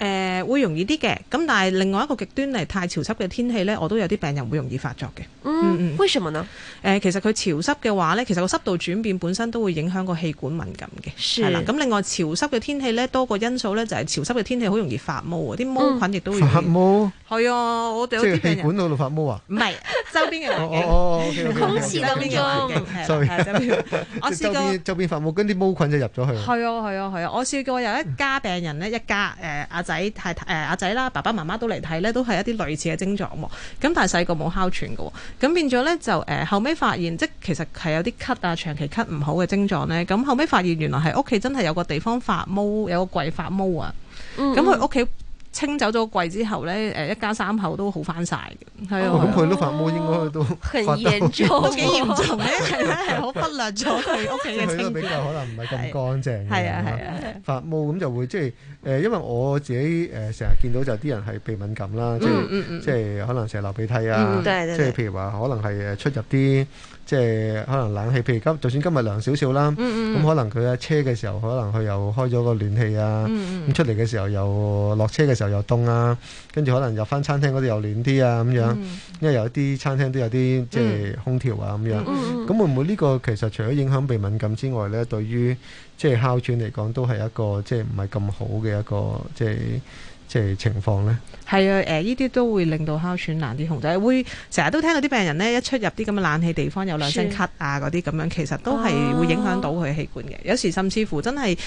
誒、呃、會容易啲嘅，咁但係另外一個極端嚟，太潮濕嘅天氣咧，我都有啲病人會容易發作嘅。嗯嗯，為什麼呢？誒、呃，其實佢潮濕嘅話咧，其實個濕度轉變本身都會影響個氣管敏感嘅，係啦。咁另外潮濕嘅天氣咧，多個因素咧就係潮濕嘅天氣好容易發毛啊，啲毛菌亦都會發毛。係啊，我哋有啲氣管度度發毛啊？唔 係，周邊嘅環境，空氣咁樣。 我試過周邊發毛，跟啲毛菌就入咗去。係啊係啊係啊，啊，啊！我試過有一家病人咧、嗯，一家誒仔係誒，阿仔啦，爸爸媽媽都嚟睇咧，都係一啲類似嘅症狀咁，但係細個冇哮喘喎。咁變咗咧就誒、呃、後尾發現即其實係有啲咳啊，長期咳唔好嘅症狀咧，咁後尾發現原來係屋企真係有個地方發毛，有個櫃發毛啊，咁佢屋企。清走咗個櫃之後咧，誒一家三口都好翻晒嘅。係啊，咁佢都發毛應該都嚴重，好幾嚴重嘅，係咧係好忽略咗佢屋企嘅。佢都比較可能唔係咁乾淨。係啊係啊，發毛咁就會即係誒，因為我自己誒成日見到就啲人係鼻敏感啦，即係即係可能成日流鼻涕啊，即係譬如話可能係誒出入啲。即係可能冷氣，譬如今就算今日涼少少啦，咁、嗯嗯、可能佢喺車嘅時候，可能佢又開咗個暖氣啊，咁、嗯嗯、出嚟嘅時候又落車嘅時候又凍啊，跟住可能入翻餐廳嗰度又暖啲啊，咁樣，因為有啲餐廳都有啲即係空調啊咁樣，咁、嗯嗯、會唔會呢個其實除咗影響鼻敏感之外呢？對於即係哮喘嚟講都係一個即係唔係咁好嘅一個即係。即係情況咧，係啊，誒、呃，呢啲都會令到哮喘難啲控制。會成日都聽到啲病人咧，一出入啲咁嘅冷氣地方，有兩聲咳啊，嗰啲咁樣，其實都係會影響到佢嘅氣管嘅。有時甚至乎真係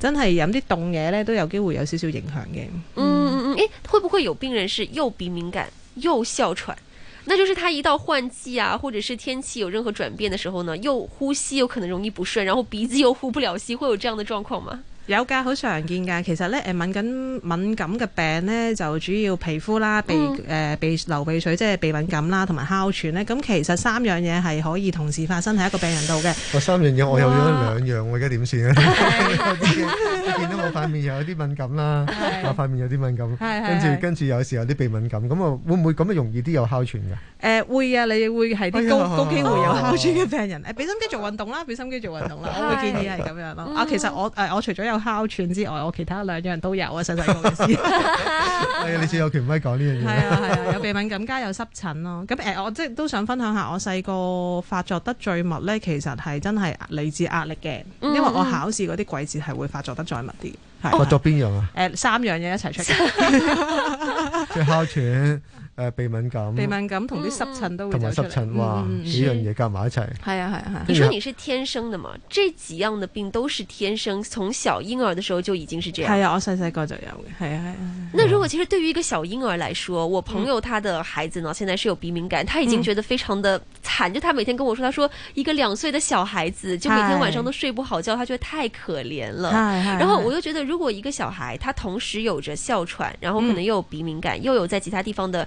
真係飲啲凍嘢咧，都有機會有少少影響嘅。嗯嗯嗯，誒、欸，會唔會有病人是又鼻敏感又哮喘？那就是他一到換季啊，或者是天氣有任何轉變的時候呢，又呼吸有可能容易不順，然後鼻子又呼不了氣，會有這樣的狀況嗎？有噶，好常見噶。其實咧，誒敏感敏感嘅病咧，就主要皮膚啦、鼻誒鼻流鼻水，即係鼻敏感啦，同埋哮喘咧。咁其實三樣嘢係可以同時發生喺一個病人度嘅。我三樣嘢，我有咗兩樣，我而家點算啊？你見到我塊面有啲敏感啦，我塊面有啲敏感，跟住跟住有時有啲鼻敏感，咁啊會唔會咁啊容易啲有哮喘㗎？誒會啊，你會係啲高高機會有哮喘嘅病人。誒，俾心機做運動啦，俾心機做運動啦。我會建議係咁樣咯。啊，其實我誒我除咗有。哮喘之外，我其他兩樣都有啊！細細個嘅，時你最有權威可講呢樣嘢。係 啊係啊，有鼻敏感加有濕疹咯。咁誒、呃，我即係、呃、都想分享下，我細個發作得最密咧，其實係真係嚟自壓力嘅。因為我考試嗰啲季節係會發作得再密啲。嗯、發作邊樣啊？誒、呃，三樣嘢一齊出嘅，即係哮喘。呃、鼻敏感，鼻敏感同啲濕疹都同埋、嗯、濕疹，哇！幾樣嘢加埋一齊，係啊係啊係、啊。你說你是天生的嘛？這幾樣的病都是天生，從小嬰兒的時候就已經是這樣。係啊，我細細個就有嘅。係啊係、啊啊。那如果其實對於一個小嬰兒來說，我朋友他的孩子呢，現在是有鼻敏感，他已經覺得非常的慘，就他每天跟我說，他說一個兩歲的小孩子，就每天晚上都睡不好覺，他覺得太可憐了。啊啊啊、然後我就覺得，如果一個小孩他同時有着哮喘，然後可能又有鼻敏感，嗯、又有在其他地方的。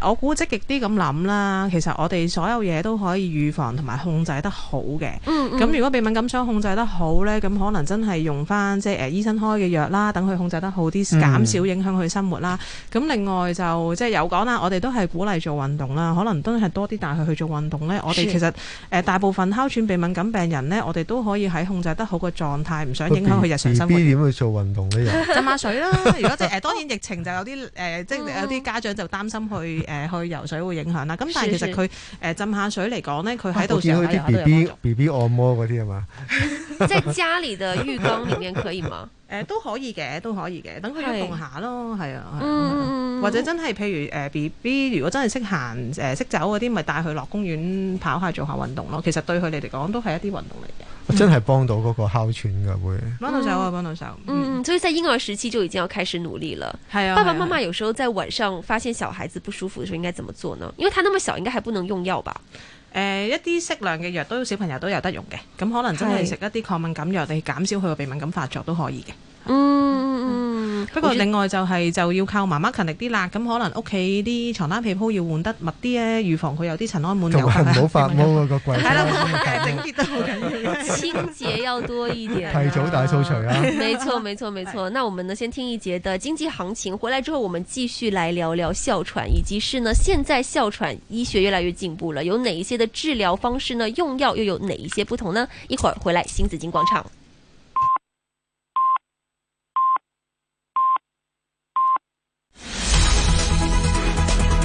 我估積極啲咁諗啦，其實我哋所有嘢都可以預防同埋控制得好嘅。咁、嗯嗯、如果鼻敏感想控制得好呢，咁可能真係用翻即係誒、呃、醫生開嘅藥啦，等佢控制得好啲，減少影響佢生活啦。咁、嗯、另外就即、是、係有講啦，我哋都係鼓勵做運動啦，可能都係多啲帶佢去做運動呢。我哋其實誒、呃、大部分哮喘鼻敏感病人呢，我哋都可以喺控制得好嘅狀態，唔想影響佢日常生活。點去做運動呢？浸 下水啦！如果即、呃、當然疫情就有啲誒、呃，即係有啲家長就擔心去。誒、呃、去游水會影響啦，咁但係其實佢、呃、浸下水嚟講咧，佢喺度有啲 BB BB 按摩嗰啲啊嘛。即係 家裏嘅浴缸裏面可以嗎？ 誒都可以嘅，都可以嘅，等佢運動下咯，係啊，啊，啊、嗯，或者真係譬如誒 B B 如果真係識行誒識走嗰啲，咪、呃、帶佢落公園跑下做下運動咯。其實對佢哋嚟講都係一啲運動嚟嘅。我真係幫到嗰個哮喘嘅、嗯、會。幫到手啊，幫到手。嗯，嗯嗯，所以在係嬰兒時期就已經要開始努力了。係啊。爸爸媽媽有時候在晚上發現小孩子不舒服嘅時候，應該怎麼做呢？因為他那麼小，應該還不能用藥吧？誒、呃、一啲適量嘅藥都小朋友都有得用嘅，咁可能真係食一啲抗敏感藥，你減少佢個鼻敏感發作都可以嘅。嗯。不過另外就係就要靠媽媽勤力啲啦，咁可能屋企啲床單被鋪要換得密啲咧，預防佢有啲塵埃滿。唔好發毛、啊，唔 好個鬼櫃。係啦，整潔得。清潔要多一點、啊。提早大掃除啦。冇錯冇錯冇錯。那我們呢先聽一節的經濟行情，回來之後我們繼續來聊聊哮喘，以及是呢現在哮喘醫學越來越進步了，有哪一些的治療方式呢？用藥又有哪一些不同呢？一會兒回來新紫荊廣場。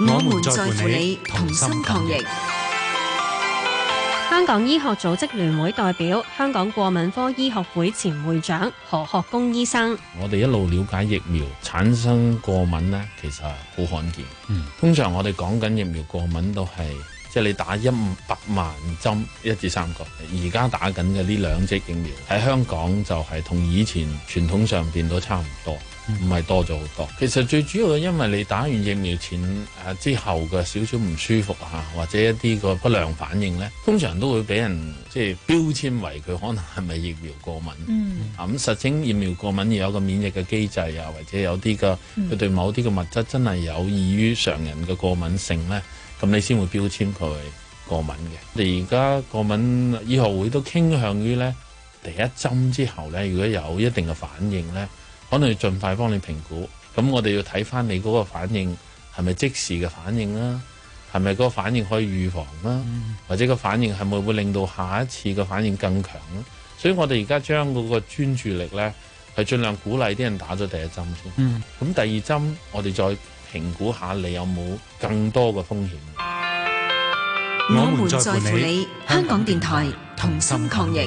我們在乎你，同心抗疫。香港醫學組織聯會代表、香港過敏科醫學會前會長何學工醫生，我哋一路了解疫苗產生過敏呢，其實好罕見。嗯，通常我哋講緊疫苗過敏都係，即係你打一百萬針一至三個，而家打緊嘅呢兩隻疫苗喺香港就係同以前傳統上邊都差唔多。唔係多咗好多，其實最主要係因為你打完疫苗前誒之後嘅少少唔舒服嚇，或者一啲個不良反應呢，通常都會俾人即係標籤為佢可能係咪疫苗過敏。嗯，咁實證疫苗過敏要有個免疫嘅機制啊，或者有啲嘅佢對某啲嘅物質真係有異於常人嘅過敏性呢，咁你先會標籤佢過敏嘅。你而家過敏醫學會都傾向於呢，第一針之後呢，如果有一定嘅反應呢，可能要盡快幫你評估，咁我哋要睇翻你嗰個反應係咪即時嘅反應啦、啊，係咪嗰個反應可以預防啦、啊嗯，或者個反應係咪會令到下一次嘅反應更強咧、啊？所以我哋而家將嗰個專注力呢，係盡量鼓勵啲人打咗第一針先，咁、嗯、第二針我哋再評估一下你有冇更多嘅風險。我們在乎你，香港電台同心抗疫。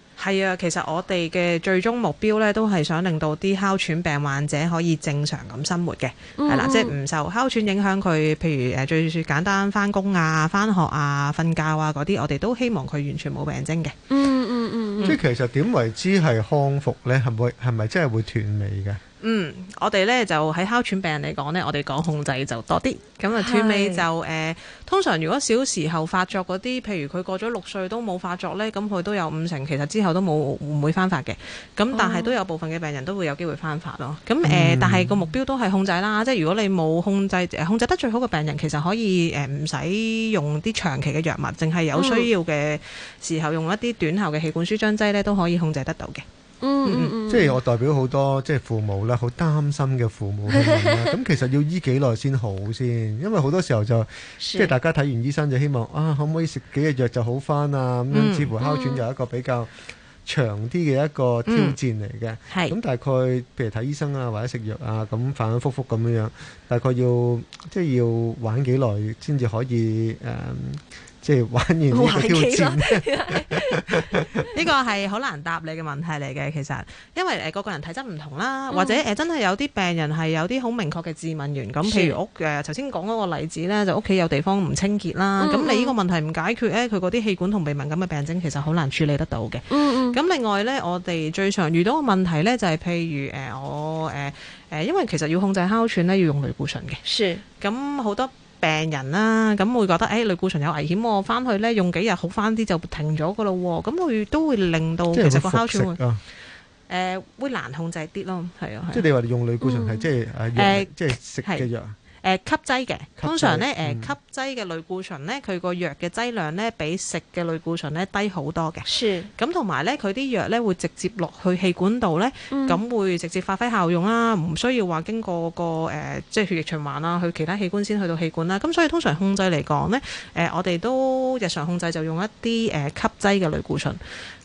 係啊，其實我哋嘅最終目標咧，都係想令到啲哮喘病患者可以正常咁生活嘅，係、嗯、啦，即係唔受哮喘影響佢，譬如誒最簡單返工啊、返學啊、瞓覺啊嗰啲，我哋都希望佢完全冇病徵嘅。嗯嗯嗯。即、嗯、係、嗯、其實點為之係康復咧？係咪係咪真係會斷尾嘅？嗯，我哋咧就喺哮喘病人嚟講呢，我哋講控制就多啲。咁、嗯、啊，斷尾就、呃、通常如果小時候發作嗰啲，譬如佢過咗六歲都冇發作呢，咁、嗯、佢都有五成其實之後都冇唔會翻發嘅。咁但係都有部分嘅病人都會有機會翻發咯。咁、哦呃嗯、但係個目標都係控制啦。即係如果你冇控制，控制得最好嘅病人其實可以誒唔使用啲長期嘅藥物，淨係有需要嘅時候用一啲短效嘅氣管舒張劑呢都可以控制得到嘅。嗯，嗯，嗯，嗯，即係我代表好多即係父母啦，好擔心嘅父母咁， 其實要醫幾耐先好先，因為好多時候就即係大家睇完醫生就希望啊，可唔可以食幾日藥就好返啊？咁、嗯，樣似乎哮喘又一個比較長啲嘅一個挑戰嚟嘅。咁、嗯、大概譬如睇醫生啊，或者食藥啊，咁反反复复咁樣樣，大概要即係要玩幾耐先至可以誒。呃即係玩完啲挑戰，呢個係好難答你嘅問題嚟嘅。其實，因為誒個、呃、個人體質唔同啦，嗯、或者誒、呃、真係有啲病人係有啲好明確嘅致敏源咁。譬如屋誒，頭先講嗰個例子咧，就屋企有地方唔清潔啦。咁、嗯、你呢個問題唔解決咧，佢嗰啲氣管同鼻敏感嘅病症，其實好難處理得到嘅。嗯咁、嗯、另外咧，我哋最常遇到嘅問題咧，就係、是、譬如誒、呃、我誒誒、呃呃，因為其實要控制哮喘咧，要用類固醇嘅。是。咁好多。病人啦、啊，咁會覺得誒、欸，類固醇有危險喎，啊，翻去咧用幾日好翻啲就停咗噶咯喎，咁會都會令到其實個哮喘誒會難控制啲咯，係啊，即係你話用類固醇係即係誒，即係食嘅藥。誒吸劑嘅，通常咧誒吸劑嘅類固醇咧，佢個藥嘅劑量咧比食嘅類固醇咧低好多嘅。係。咁同埋咧，佢啲藥咧會直接落去氣管度咧，咁會直接發揮效用啦，唔需要話經過個誒即係血液循環啦，去其他器官先去到氣管啦。咁所以通常控制嚟講咧，誒我哋都日常控制就用一啲誒吸劑嘅類固醇。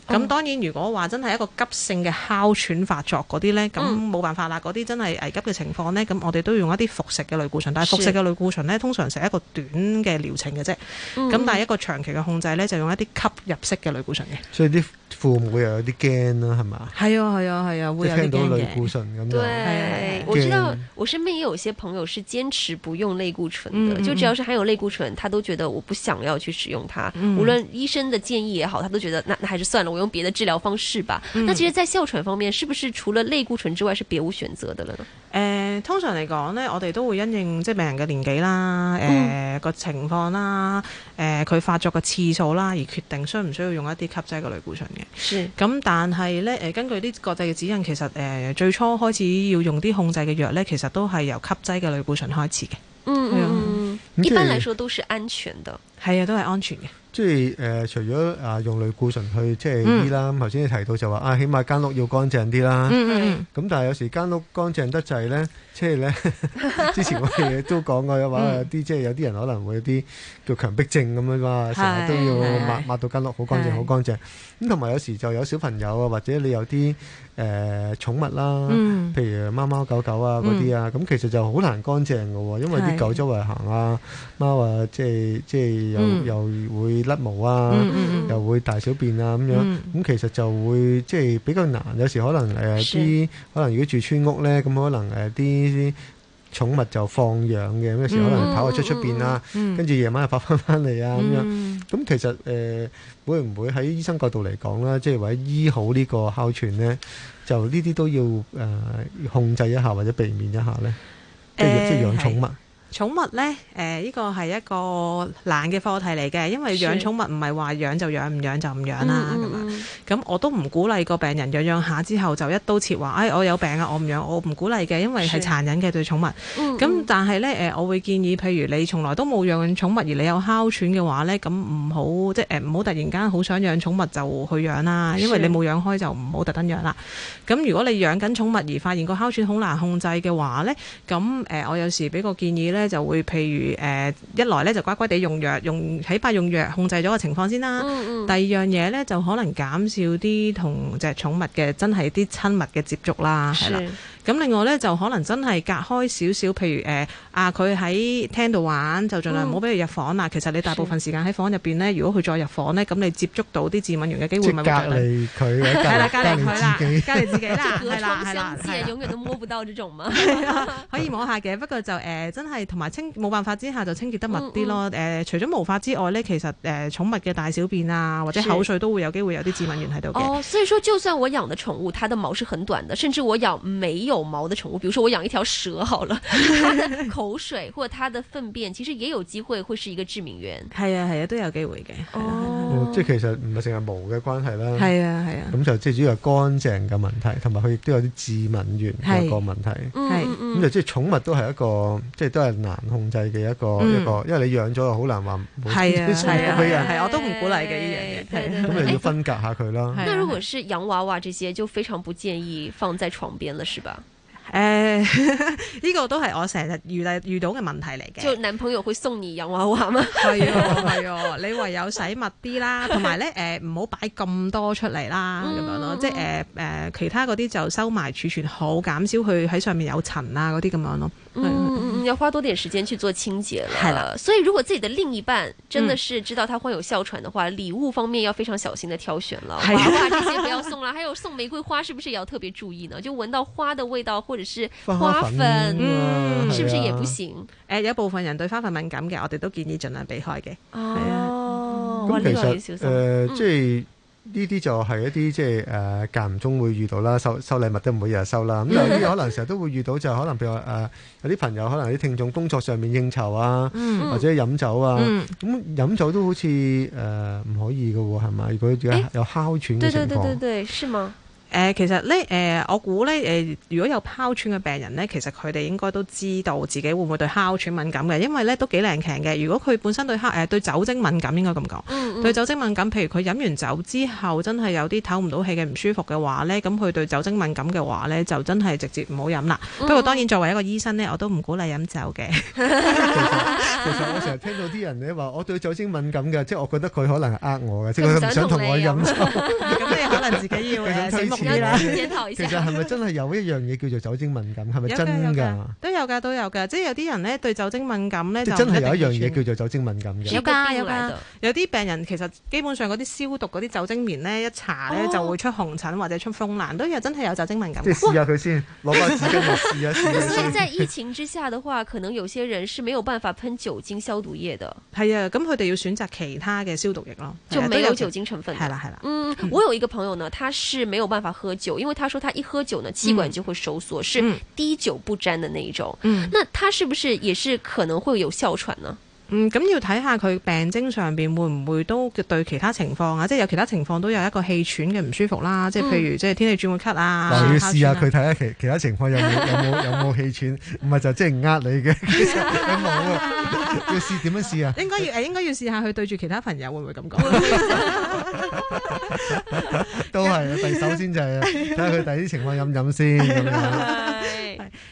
咁、嗯、當然，如果話真係一個急性嘅哮喘發作嗰啲呢，咁冇辦法啦。嗰啲真係危急嘅情況呢，咁我哋都要用一啲服食嘅類固醇。但係服食嘅類固醇呢，通常食一個短嘅療程嘅啫。咁但係一個長期嘅控制呢，就用一啲吸入式嘅類固醇嘅、嗯。所以啲父母又有啲驚啦，係咪？係啊係啊係啊，會有一聽到類固醇咁。對、啊，我知道，我身邊有一些朋友是堅持不用類固醇嘅、嗯嗯，就只要是含有類固醇，他都覺得我不想要去使用它。嗯、無論醫生的建議也好，他都覺得那那還是算了。用別的治療方式吧。嗯、那其實，在哮喘方面，是不是除了類固醇之外，是別無選擇的呢？誒、呃，通常嚟講呢，我哋都會因應即係病人嘅年紀啦，誒、呃、個、嗯、情況啦，誒、呃、佢發作嘅次數啦，而決定需唔需要用一啲吸劑嘅類固醇嘅。咁但係呢，誒、呃、根據啲國際嘅指引，其實誒、呃、最初開始要用啲控制嘅藥呢，其實都係由吸劑嘅類固醇開始嘅、嗯嗯。嗯，一般來說都是安全的。係啊，都係安全嘅。即係誒、呃，除咗啊，用類固醇去即係醫啦。咁頭先你提到就話啊，起碼間屋要乾淨啲啦。咁、嗯嗯、但係有時間屋乾淨得滯咧，即係咧， 之前我哋都講過嘅話、嗯，有話有啲即係有啲人可能會有啲叫強迫症咁樣，哇、嗯，成日都要抹抹，抹到間屋好乾淨，好乾淨。咁同埋有時就有小朋友啊，或者你有啲誒寵物啦，嗯、譬如貓貓狗狗啊嗰啲啊，咁、嗯、其實就好難乾淨噶，因為啲狗周圍行啊，貓啊，即係即係。又又會甩毛啊，又會大小便啊咁樣，咁其實就會即係比較難。有時可能誒啲，可能如果住村屋咧，咁可能誒啲寵物就放養嘅，有時可能跑去出出邊啊，跟住夜晚又跑翻翻嚟啊咁樣。咁其實誒會唔會喺醫生角度嚟講啦，即係為醫好呢個哮喘咧，就呢啲都要誒控制一下或者避免一下咧，即係即係養寵物。寵物呢，誒呢個係一個難嘅課題嚟嘅，因為養寵物唔係話養就養，唔養就唔養啦咁樣、嗯嗯、我都唔鼓勵個病人養一養下之後就一刀切話，誒我有病啊，我唔養，我唔鼓勵嘅，因為係殘忍嘅對寵物。咁、嗯嗯、但係呢，誒我會建議，譬如你從來都冇養寵物而你有哮喘嘅話呢，咁唔好即係唔好突然間好想養寵物就去養啦，因為你冇養開就唔好特登養啦。咁如果你養緊寵物而發現個哮喘好難控制嘅話呢，咁誒、呃、我有時俾個建議咧就會譬如、呃、一來咧就乖乖地用藥，用起碼用藥控制咗個情況先啦。嗯嗯，第二樣嘢咧就可能減少啲同隻寵物嘅真係啲親密嘅接觸啦，係啦。咁另外咧就可能真係隔開少少，譬如誒、呃、啊佢喺廳度玩，就儘量唔好俾佢入房啦、嗯。其實你大部分時間喺房入邊咧，如果佢再入房咧，咁你接觸到啲致敏源嘅機會咪隔離佢隔離佢啦，啦，啦，隔離自己啦，係啦係啦，啦，啦，啦，永遠都摸唔到呢種嘛， 可以摸下嘅。不過就誒、呃、真係同埋清冇辦法之下就清潔得密啲咯。誒、嗯嗯呃、除咗毛髮之外咧，其實誒、呃、寵物嘅大小便啊或者口水都會有機會有啲致敏源喺度哦，所以說就算我養嘅寵物，它的毛是很短的，甚至我養沒有。有毛嘅寵物，比如說我養一條蛇，好了， 它的口水或者它的糞便，其實也有機會會是一個致敏源。係 啊係啊，都有機會嘅。哦，即係其實唔係淨係毛嘅關係啦。係啊係啊，咁、啊、就即係主要係乾淨嘅問題，同埋佢亦都有啲致敏源個問題。係，咁、嗯、就即係寵物都係一個，即係都係難控制嘅一個一個、嗯，因為你養咗好難話。係啊係 啊係、啊 啊啊啊哎，我都唔鼓勵嘅呢樣嘢。咁、哎、咪、啊哎、要分隔下佢啦、啊啊。那如果是洋娃娃這些，就非常不建議放在床邊了，是吧？誒呢個都係我成日遇嚟遇到嘅問題嚟嘅。就男朋友會送你洋娃娃嗎？係啊係啊，你唯有洗密啲啦，同埋咧誒唔好擺咁多出嚟啦咁樣咯。即係、呃、其他嗰啲就收埋儲存好，減少佢喺上面有塵啦嗰啲咁樣咯。嗯，嗯，嗯 要花多點時間去做清潔啦。係啦，所以如果自己的另一半真的是知道他患有哮喘的話，嗯、禮物方面要非常小心的挑選啦。娃娃這些不要送啦。 還有送玫瑰花是不是也要特別注意呢？就聞到花的味道或。花粉、啊，嗯，是不是也不行？誒、呃，有部分人對花粉敏感嘅，我哋都建議盡量避開嘅。哦，咁、啊嗯嗯嗯、其實誒、這個嗯呃，即係呢啲就係一啲即係誒間唔中會遇到啦。收收禮物都唔會日日收啦。咁有啲可能成日都會遇到、就是，就可能譬如話誒、呃、有啲朋友可能啲聽眾工作上面應酬啊，嗯、或者飲酒啊，咁、嗯、飲、嗯嗯、酒都好似誒唔可以嘅係咪？如果有哮喘嘅情況，對對對對對，是嗎？誒、呃、其實咧誒、呃、我估咧誒，如果有哮喘嘅病人咧，其實佢哋應該都知道自己會唔會對哮喘敏感嘅，因為咧都幾靚強嘅。如果佢本身對黑誒、呃、對酒精敏感，應該咁講。嗯嗯，對酒精敏感，譬如佢飲完酒之後真係有啲唞唔到氣嘅唔舒服嘅話咧，咁佢對酒精敏感嘅話咧，就真係直接唔好飲啦。嗯、不過當然作為一個醫生咧，我都唔鼓勵飲酒嘅。 其實其實我成日聽到啲人咧話我對酒精敏感嘅，即係我覺得佢可能係呃我嘅，即佢唔想同我飲酒。咁 你可能自己要 其實係咪真係有一樣嘢叫做酒精敏感？係咪真㗎？都有㗎，都有㗎。即係有啲人咧對酒精敏感咧，就真係有一樣嘢叫做酒精敏感嘅。有㗎、啊，有㗎。有啲病人其實基本上嗰啲消毒嗰啲酒精棉咧一搽咧就會出紅疹或者出風癩，都有真係有酒精敏感的、哦。試下佢先攞把紙巾嚟試啊！ 試啊！所以，所以在疫情之下嘅話， 可能有些人是沒有辦法噴酒精消毒液的。係啊，咁佢哋要選擇其他嘅消毒液咯，就沒有酒精成分。係啦，係啦。嗯，我有一個朋友呢，他是沒有辦法喝酒，因為他說他一喝酒呢氣管就會收縮，嗯，是滴酒不沾的那一種。嗯，那他是不是也是可能會有哮喘呢？嗯，咁要睇下佢病徵上邊會唔會都對其他情況啊，即係有其他情況都有一個氣喘嘅唔舒服啦，即係譬如即係天氣轉會咳 u t 啊。嗱、嗯啊，要試下佢睇下其其他情況有冇有冇有冇氣喘，唔 係就即係呃你嘅。有冇 要試點樣試啊？應該要誒，應該要試下佢對住其他朋友會唔會咁講？ 都係是，但 係首先就係睇下佢第啲情況飲唔飲先咁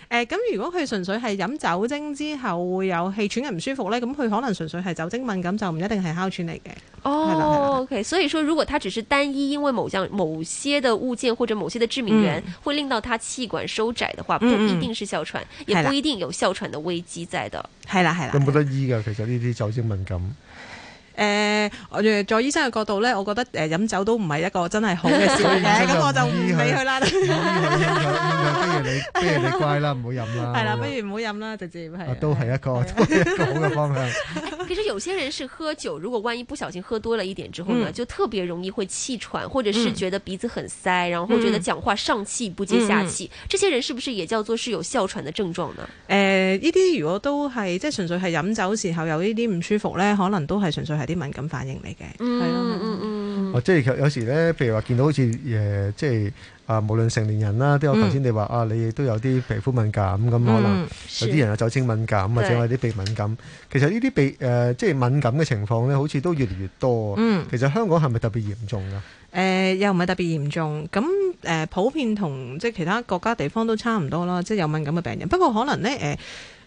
誒，咁 如果佢純粹係飲酒精之後會有氣喘嘅唔舒服咧，咁佢可能純粹係酒精敏感，就唔一定係哮喘嚟嘅。哦、oh，OK。所以說，如果他只是單一因為某樣某些嘅物件或者某些嘅致敏原會令到他氣管收窄的話、嗯，不一定是哮喘、嗯，也不一定有哮喘的危機在度。係啦係啦。有冇得醫噶？其實呢啲酒精敏感。誒、欸，我從在醫生嘅角度咧，我覺得誒、呃、飲酒都唔係一個真係好嘅事。咁我就唔理佢啦。不如、嗯嗯嗯嗯嗯嗯嗯、你，不如你乖啦，唔、啊、好飲、啊、啦。係、啊、啦，不如唔好飲啦，直接係。都係一個好嘅方向。其實有些人是喝酒，如果萬一不小心喝多了一點之後呢，就特別容易會氣喘，或者是覺得鼻子很塞，然後覺得講話上氣不接下氣。這些人是不是也叫做是有哮喘的症狀呢？誒，呢啲如果都係即係純粹係飲酒時候有呢啲唔舒服咧，可能都係純粹係。啲敏感反應嚟嘅，係咯、嗯，的嗯嗯哦，即係有時咧，譬如話見到好似誒，即係啊、呃，無論成年人啦，都有頭先你話啊，你都有啲皮膚敏感咁，嗯、可能有啲人有酒精敏感或者啲鼻敏感。其實呢啲鼻誒、呃，即係敏感嘅情況咧，好似都越嚟越多。嗯，其實香港係咪特別嚴重㗎？誒、呃，又唔係特別嚴重。咁誒、呃，普遍同即係其他國家地方都差唔多啦。即係有敏感嘅病人，不過可能咧誒。呃呃呃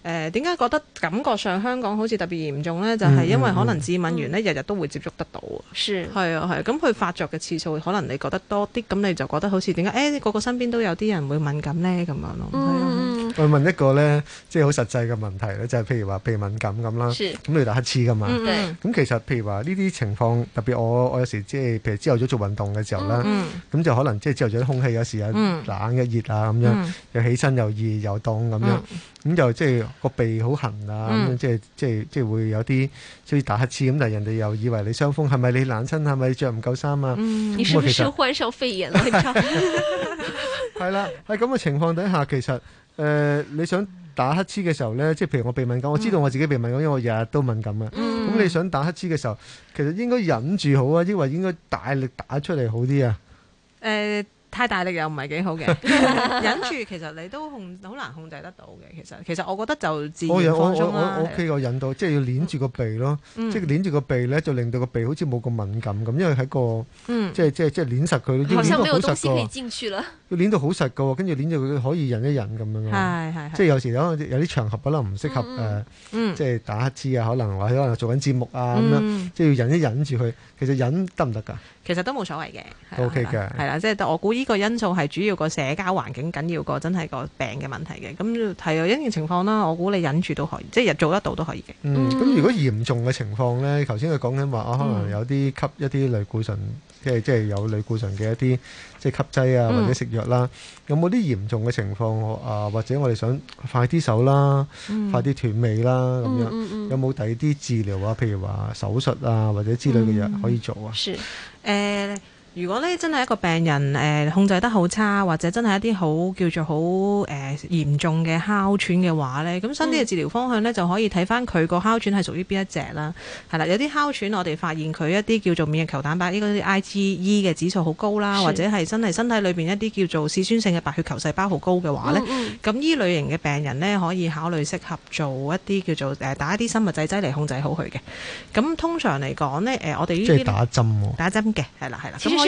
誒點解覺得感覺上香港好似特別嚴重咧？就係因為可能致敏源咧，日日都會接觸得到。是。係啊，係。咁佢發作嘅次數，可能你覺得多啲，咁你就覺得好似點解誒個個身邊都有啲人會敏感咧咁樣咯。嗯。我問一個咧，即係好實際嘅問題咧，就係譬如話鼻敏感咁啦。咁你打乞嗤㗎嘛？嗯。咁其實譬如話呢啲情況，特別我我有時即係譬如朝頭早做運動嘅時候啦，嗯。咁就可能即係朝頭早啲空氣有時啊冷一熱啊咁樣，又起身又熱又凍咁樣。咁、嗯、就即係個鼻好痕啊、嗯，即係即係即係會有啲好似打乞嗤。咁，但係人哋又以為你傷風，係咪你冷親，係咪你着唔夠衫啊、嗯嗯？你是不是患上肺炎了？係 啦， 喺咁嘅情況底下，其實誒、呃，你想打乞嗤嘅時候咧，即係譬如我鼻敏感、嗯，我知道我自己鼻敏感，因為我日日都敏感啊。咁、嗯嗯嗯、你想打乞嗤嘅時候，其實應該忍住好啊，抑或應該大力打出嚟好啲啊？誒、呃。太大力又唔係幾好嘅，忍住其實你都控好難控制得到嘅。其實其實我覺得就自我我我我我我我忍到，即係要捏住個鼻咯，即係捏住個鼻咧，就令到個鼻好似冇咁敏感咁，因為喺個即係即係即係捏實佢，好似好實個。好似有東西可以進去了。要捏到好實個，跟住捏住佢可以忍一忍咁樣咯。係係。即係有時可能有啲場合可能唔適合誒，即係打乞嗤啊，可能或者做緊節目啊咁樣，即係要忍一忍住佢。其實忍得唔得㗎？其實都冇所謂嘅。O K 嘅。係啦，即係我估。呢個因素係主要個社交環境緊要過真係個病嘅問題嘅，咁係有啲情況啦。我估你忍住都可以，即係日做得到都可以嘅。嗯，咁如果嚴重嘅情況咧，頭先佢講緊話啊，可能有啲吸一啲類固醇，嗯、即係即係有類固醇嘅一啲即係吸劑啊，或者食藥啦、啊。嗯、有冇啲嚴重嘅情況啊？或者我哋想快啲手啦，嗯、快啲斷尾啦咁樣？嗯嗯嗯、有冇第二啲治療啊？譬如話手術啊，或者之類嘅藥可以做啊、嗯？係，呃如果咧真係一個病人誒控制得好差，或者真係一啲好叫做好誒、呃、嚴重嘅哮喘嘅話咧，咁新啲嘅治療方向咧就可以睇翻佢個哮喘係屬於邊一隻啦。係啦，有啲哮喘我哋發現佢一啲叫做免疫球蛋白呢個啲 IgE 嘅指數好高啦，或者係真係身體裏面一啲叫做嗜酸性嘅白血球細胞好高嘅話咧，咁、嗯、呢、嗯、類型嘅病人咧可以考慮適合做一啲叫做誒打一啲生物製劑嚟控制好佢嘅。咁通常嚟講咧我哋呢啲即係打針喎、啊，打針嘅係啦係啦。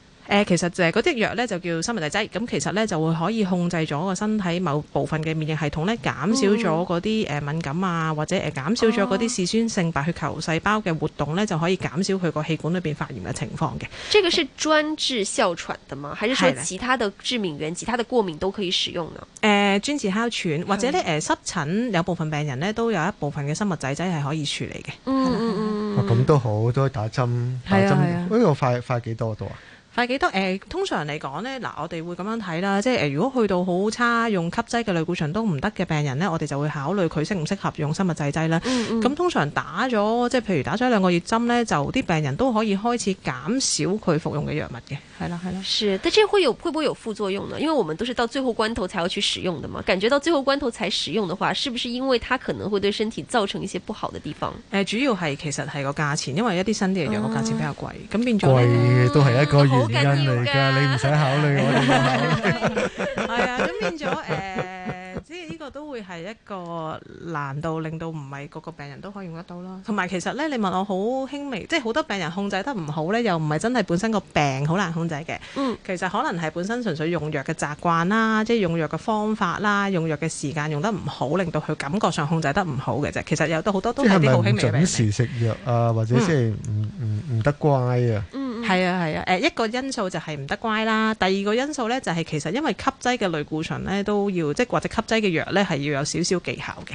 誒、呃，其實就係嗰啲藥咧就叫生物製劑，咁其實咧就會可以控制咗個身體某部分嘅免疫系統咧，減少咗嗰啲誒敏感啊，嗯、或者誒減、呃、少咗嗰啲嗜酸性白血球細胞嘅活動咧、哦，就可以減少佢個氣管裏邊發炎嘅情況嘅。這個是專治哮喘的嗎？還是說其他的致敏原、其他的過敏都可以使用呢？誒、呃，專治哮喘或者咧誒濕疹，有部分病人咧都有一部分嘅生物製劑係可以處理嘅。嗯嗯嗯嗯。哦，咁都好，都打針，打針呢個快快幾多度啊？係幾多？誒、呃，通常嚟講咧，嗱，我哋會咁樣睇啦，即係誒、呃，如果去到好差，用吸劑嘅類固醇都唔得嘅病人咧，我哋就會考慮佢適唔適合用生物製劑啦。嗯咁、嗯、通常打咗，即係譬如打咗一兩個月針咧，就啲病人都可以開始減少佢服用嘅藥物嘅。係啦，係啦。是。但係即係會有，會唔會有副作用呢？因為我們都是到最後關頭才要去使用的嘛。感覺到最後關頭才使用嘅話，是不是因為它可能會對身體造成一些不好嘅地方？誒、呃，主要係其實係個價錢，因為一啲新啲嘅藥個價錢比較貴，咁、啊、變咗都係一個月、嗯。好緊要嚟㗎，你唔使考慮，我哋要考慮。係啊，咁變咗誒。呢、這個都會係一個難度，令到唔係個個病人都可以用得到啦。同埋其實咧，你問我好輕微，即係好多病人控制得唔好咧，又唔係真係本身個病好難控制嘅，嗯。其實可能係本身純粹用藥嘅習慣啦，即係用藥嘅方法啦，用藥嘅時間用得唔好，令到佢感覺上控制得唔好嘅啫。其實有好多都係啲好輕微嘅病。係，係唔係唔準時食藥啊，嗯，或者即係唔唔唔得乖啊。嗯，係啊係啊。誒、啊、一個因素就係唔得乖啦。第二個因素咧就係其實因為吸劑嘅類固醇咧都要即或者吸劑。嘅藥咧係要有少少技巧嘅，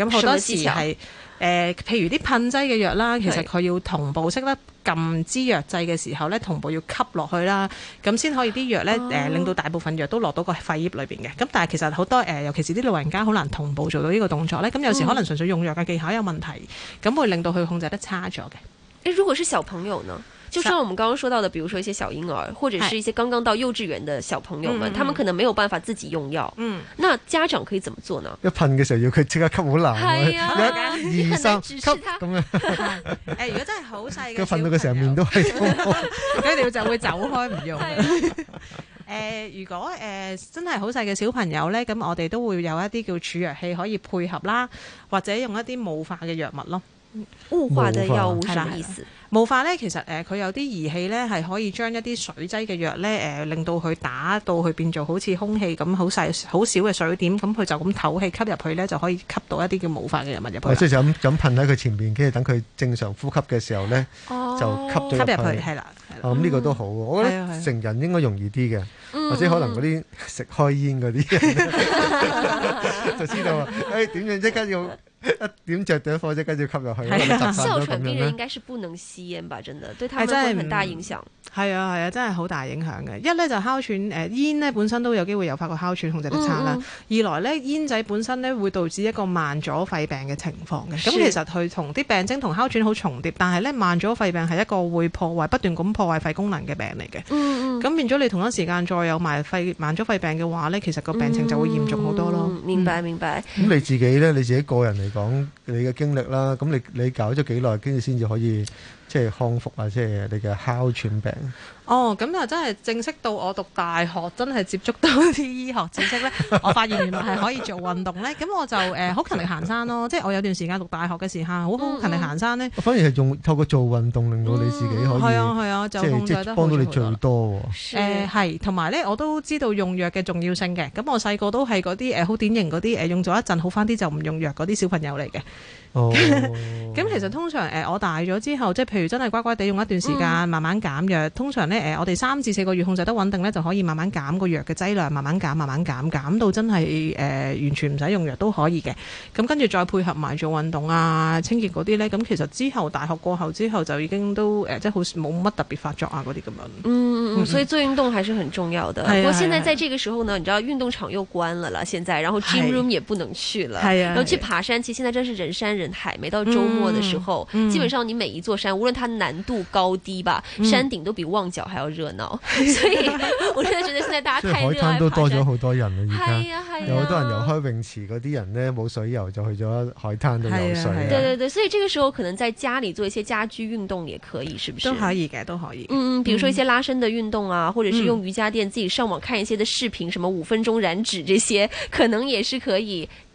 咁好多時係誒、呃，譬如啲噴劑嘅藥啦，其實佢要同步識得撳支藥劑嘅時候咧，同步要吸落去啦，咁先可以啲藥咧誒，令到大部分藥都落到個肺葉裏邊嘅。咁但係其實好多誒、呃，尤其是啲老人家好難同步做到呢個動作咧，咁有時可能純粹用藥嘅技巧有問題，咁、嗯、會令到佢控制得差咗嘅。誒，如果是小朋友呢？就算我們剛剛說到的，比如說一些小嬰兒或者是一些剛剛到幼稚園的小朋友們、嗯，他們可能沒有辦法自己用藥。嗯，那家長可以怎麼做呢？一噴嘅時候要佢即刻吸好難，係啊，一、二、三咁誒， 如果真係好細嘅，噴到佢成面都係，定 要 就會走開唔用。誒、啊呃，如果誒、呃、真係好細嘅小朋友咧，咁我哋都會有一啲叫儲藥器可以配合啦，或者用一啲霧化嘅藥物咯。霧化就又係啦，意思。霧化咧，其實誒，佢、呃、有啲儀器咧，係可以將一啲水劑嘅藥咧，誒、呃，令到佢打到去變做好似空氣咁，好細好少嘅水點，咁佢就咁透氣吸入去咧，去就可以吸到一啲叫霧化嘅藥物入去。即係就咁咁噴喺佢前面，跟住等佢正常呼吸嘅時候咧，就吸、哦嗯、吸入去係啦，係啦。咁呢個都好，我覺得成人應該容易啲嘅，嗯嗯、或者可能嗰啲食開煙嗰啲，就知道啊，誒、哎，點樣即刻要。 一點着咗火，即跟住吸入去。哮喘病人應該是不能吸煙吧？真的對他們真會很大影響。係啊係啊，真係好大影響嘅。一呢就哮、是、喘，誒煙呢本身都有機會誘發個哮喘控制力差啦。嗯嗯二來呢，煙仔本身呢會導致一個慢阻肺病嘅情況嘅。咁其實佢同啲病徵同哮喘好重疊，但係呢，慢阻肺病係一個會破壞不斷咁破壞肺功能嘅病嚟嘅。嗯嗯。咁變咗你同一時間再有埋肺慢阻肺病嘅話呢，其實個病情就會嚴重好多咯。明、嗯、白明白。咁、嗯、你自己呢？你自己個人嚟講你嘅經歷啦，咁你你搞咗幾耐，跟住先至可以即係康復啊，即係你嘅哮喘病。哦，咁就真係正式到我讀大學，真係接觸到啲醫學知識咧。 我發現原來係可以做運動咧，咁 我就誒好、 呃、勤力行山咯。即係我有段時間讀大學嘅時候，好好勤力行山咧、嗯嗯。反而係用透過做運動令到你自己可以係、嗯嗯嗯、啊係啊，就幫到你最多。誒、嗯、係，同埋咧，我都知道用藥嘅重要性嘅。咁我細個都係嗰啲誒好典型嗰啲誒用咗一陣好返啲就唔用藥嗰啲小朋友嚟嘅。哦，咁 其實通常誒、呃、我大咗之後，即係譬如真係乖乖地用一段時間，嗯、慢慢減藥，通常呃、我哋三至四個月控制得穩定咧，就可以慢慢減個藥嘅劑量，慢慢減，慢慢減，減到真係、呃、完全唔使用，用藥都可以嘅。咁、嗯、跟住再配合埋做運動啊、清潔嗰啲咧。咁、嗯、其實之後大學過後之後就已經都、呃、即係好似冇乜特別發作啊嗰啲咁樣。嗯嗯，所以做運動還是很重要的、嗯。不過現在在這個時候呢，你知道運動場又關了啦，現在，然後 gym room 也不能去了是、啊是，然後去爬山，其實現在真是人山人海。每到周末嘅時候、嗯，基本上你每一座山，無論它難度高低吧，嗯、山頂都比旺角還要熱鬧，所以我真的覺得現在大家太熱。即 係海灘都多咗好多人了而家、啊啊、有好多人游開泳池嗰啲人呢，冇水游就去咗海灘度游水、啊啊啊啊。對對對，所以這個時候可能在家裏做一些家居運動也可以，是不是都可以嘅，都可以。嗯嗯，比如說一些拉伸的運動啊，或者是用瑜伽墊自己上網看一些的視頻，什麼五分鐘燃脂這些，可能也是可以。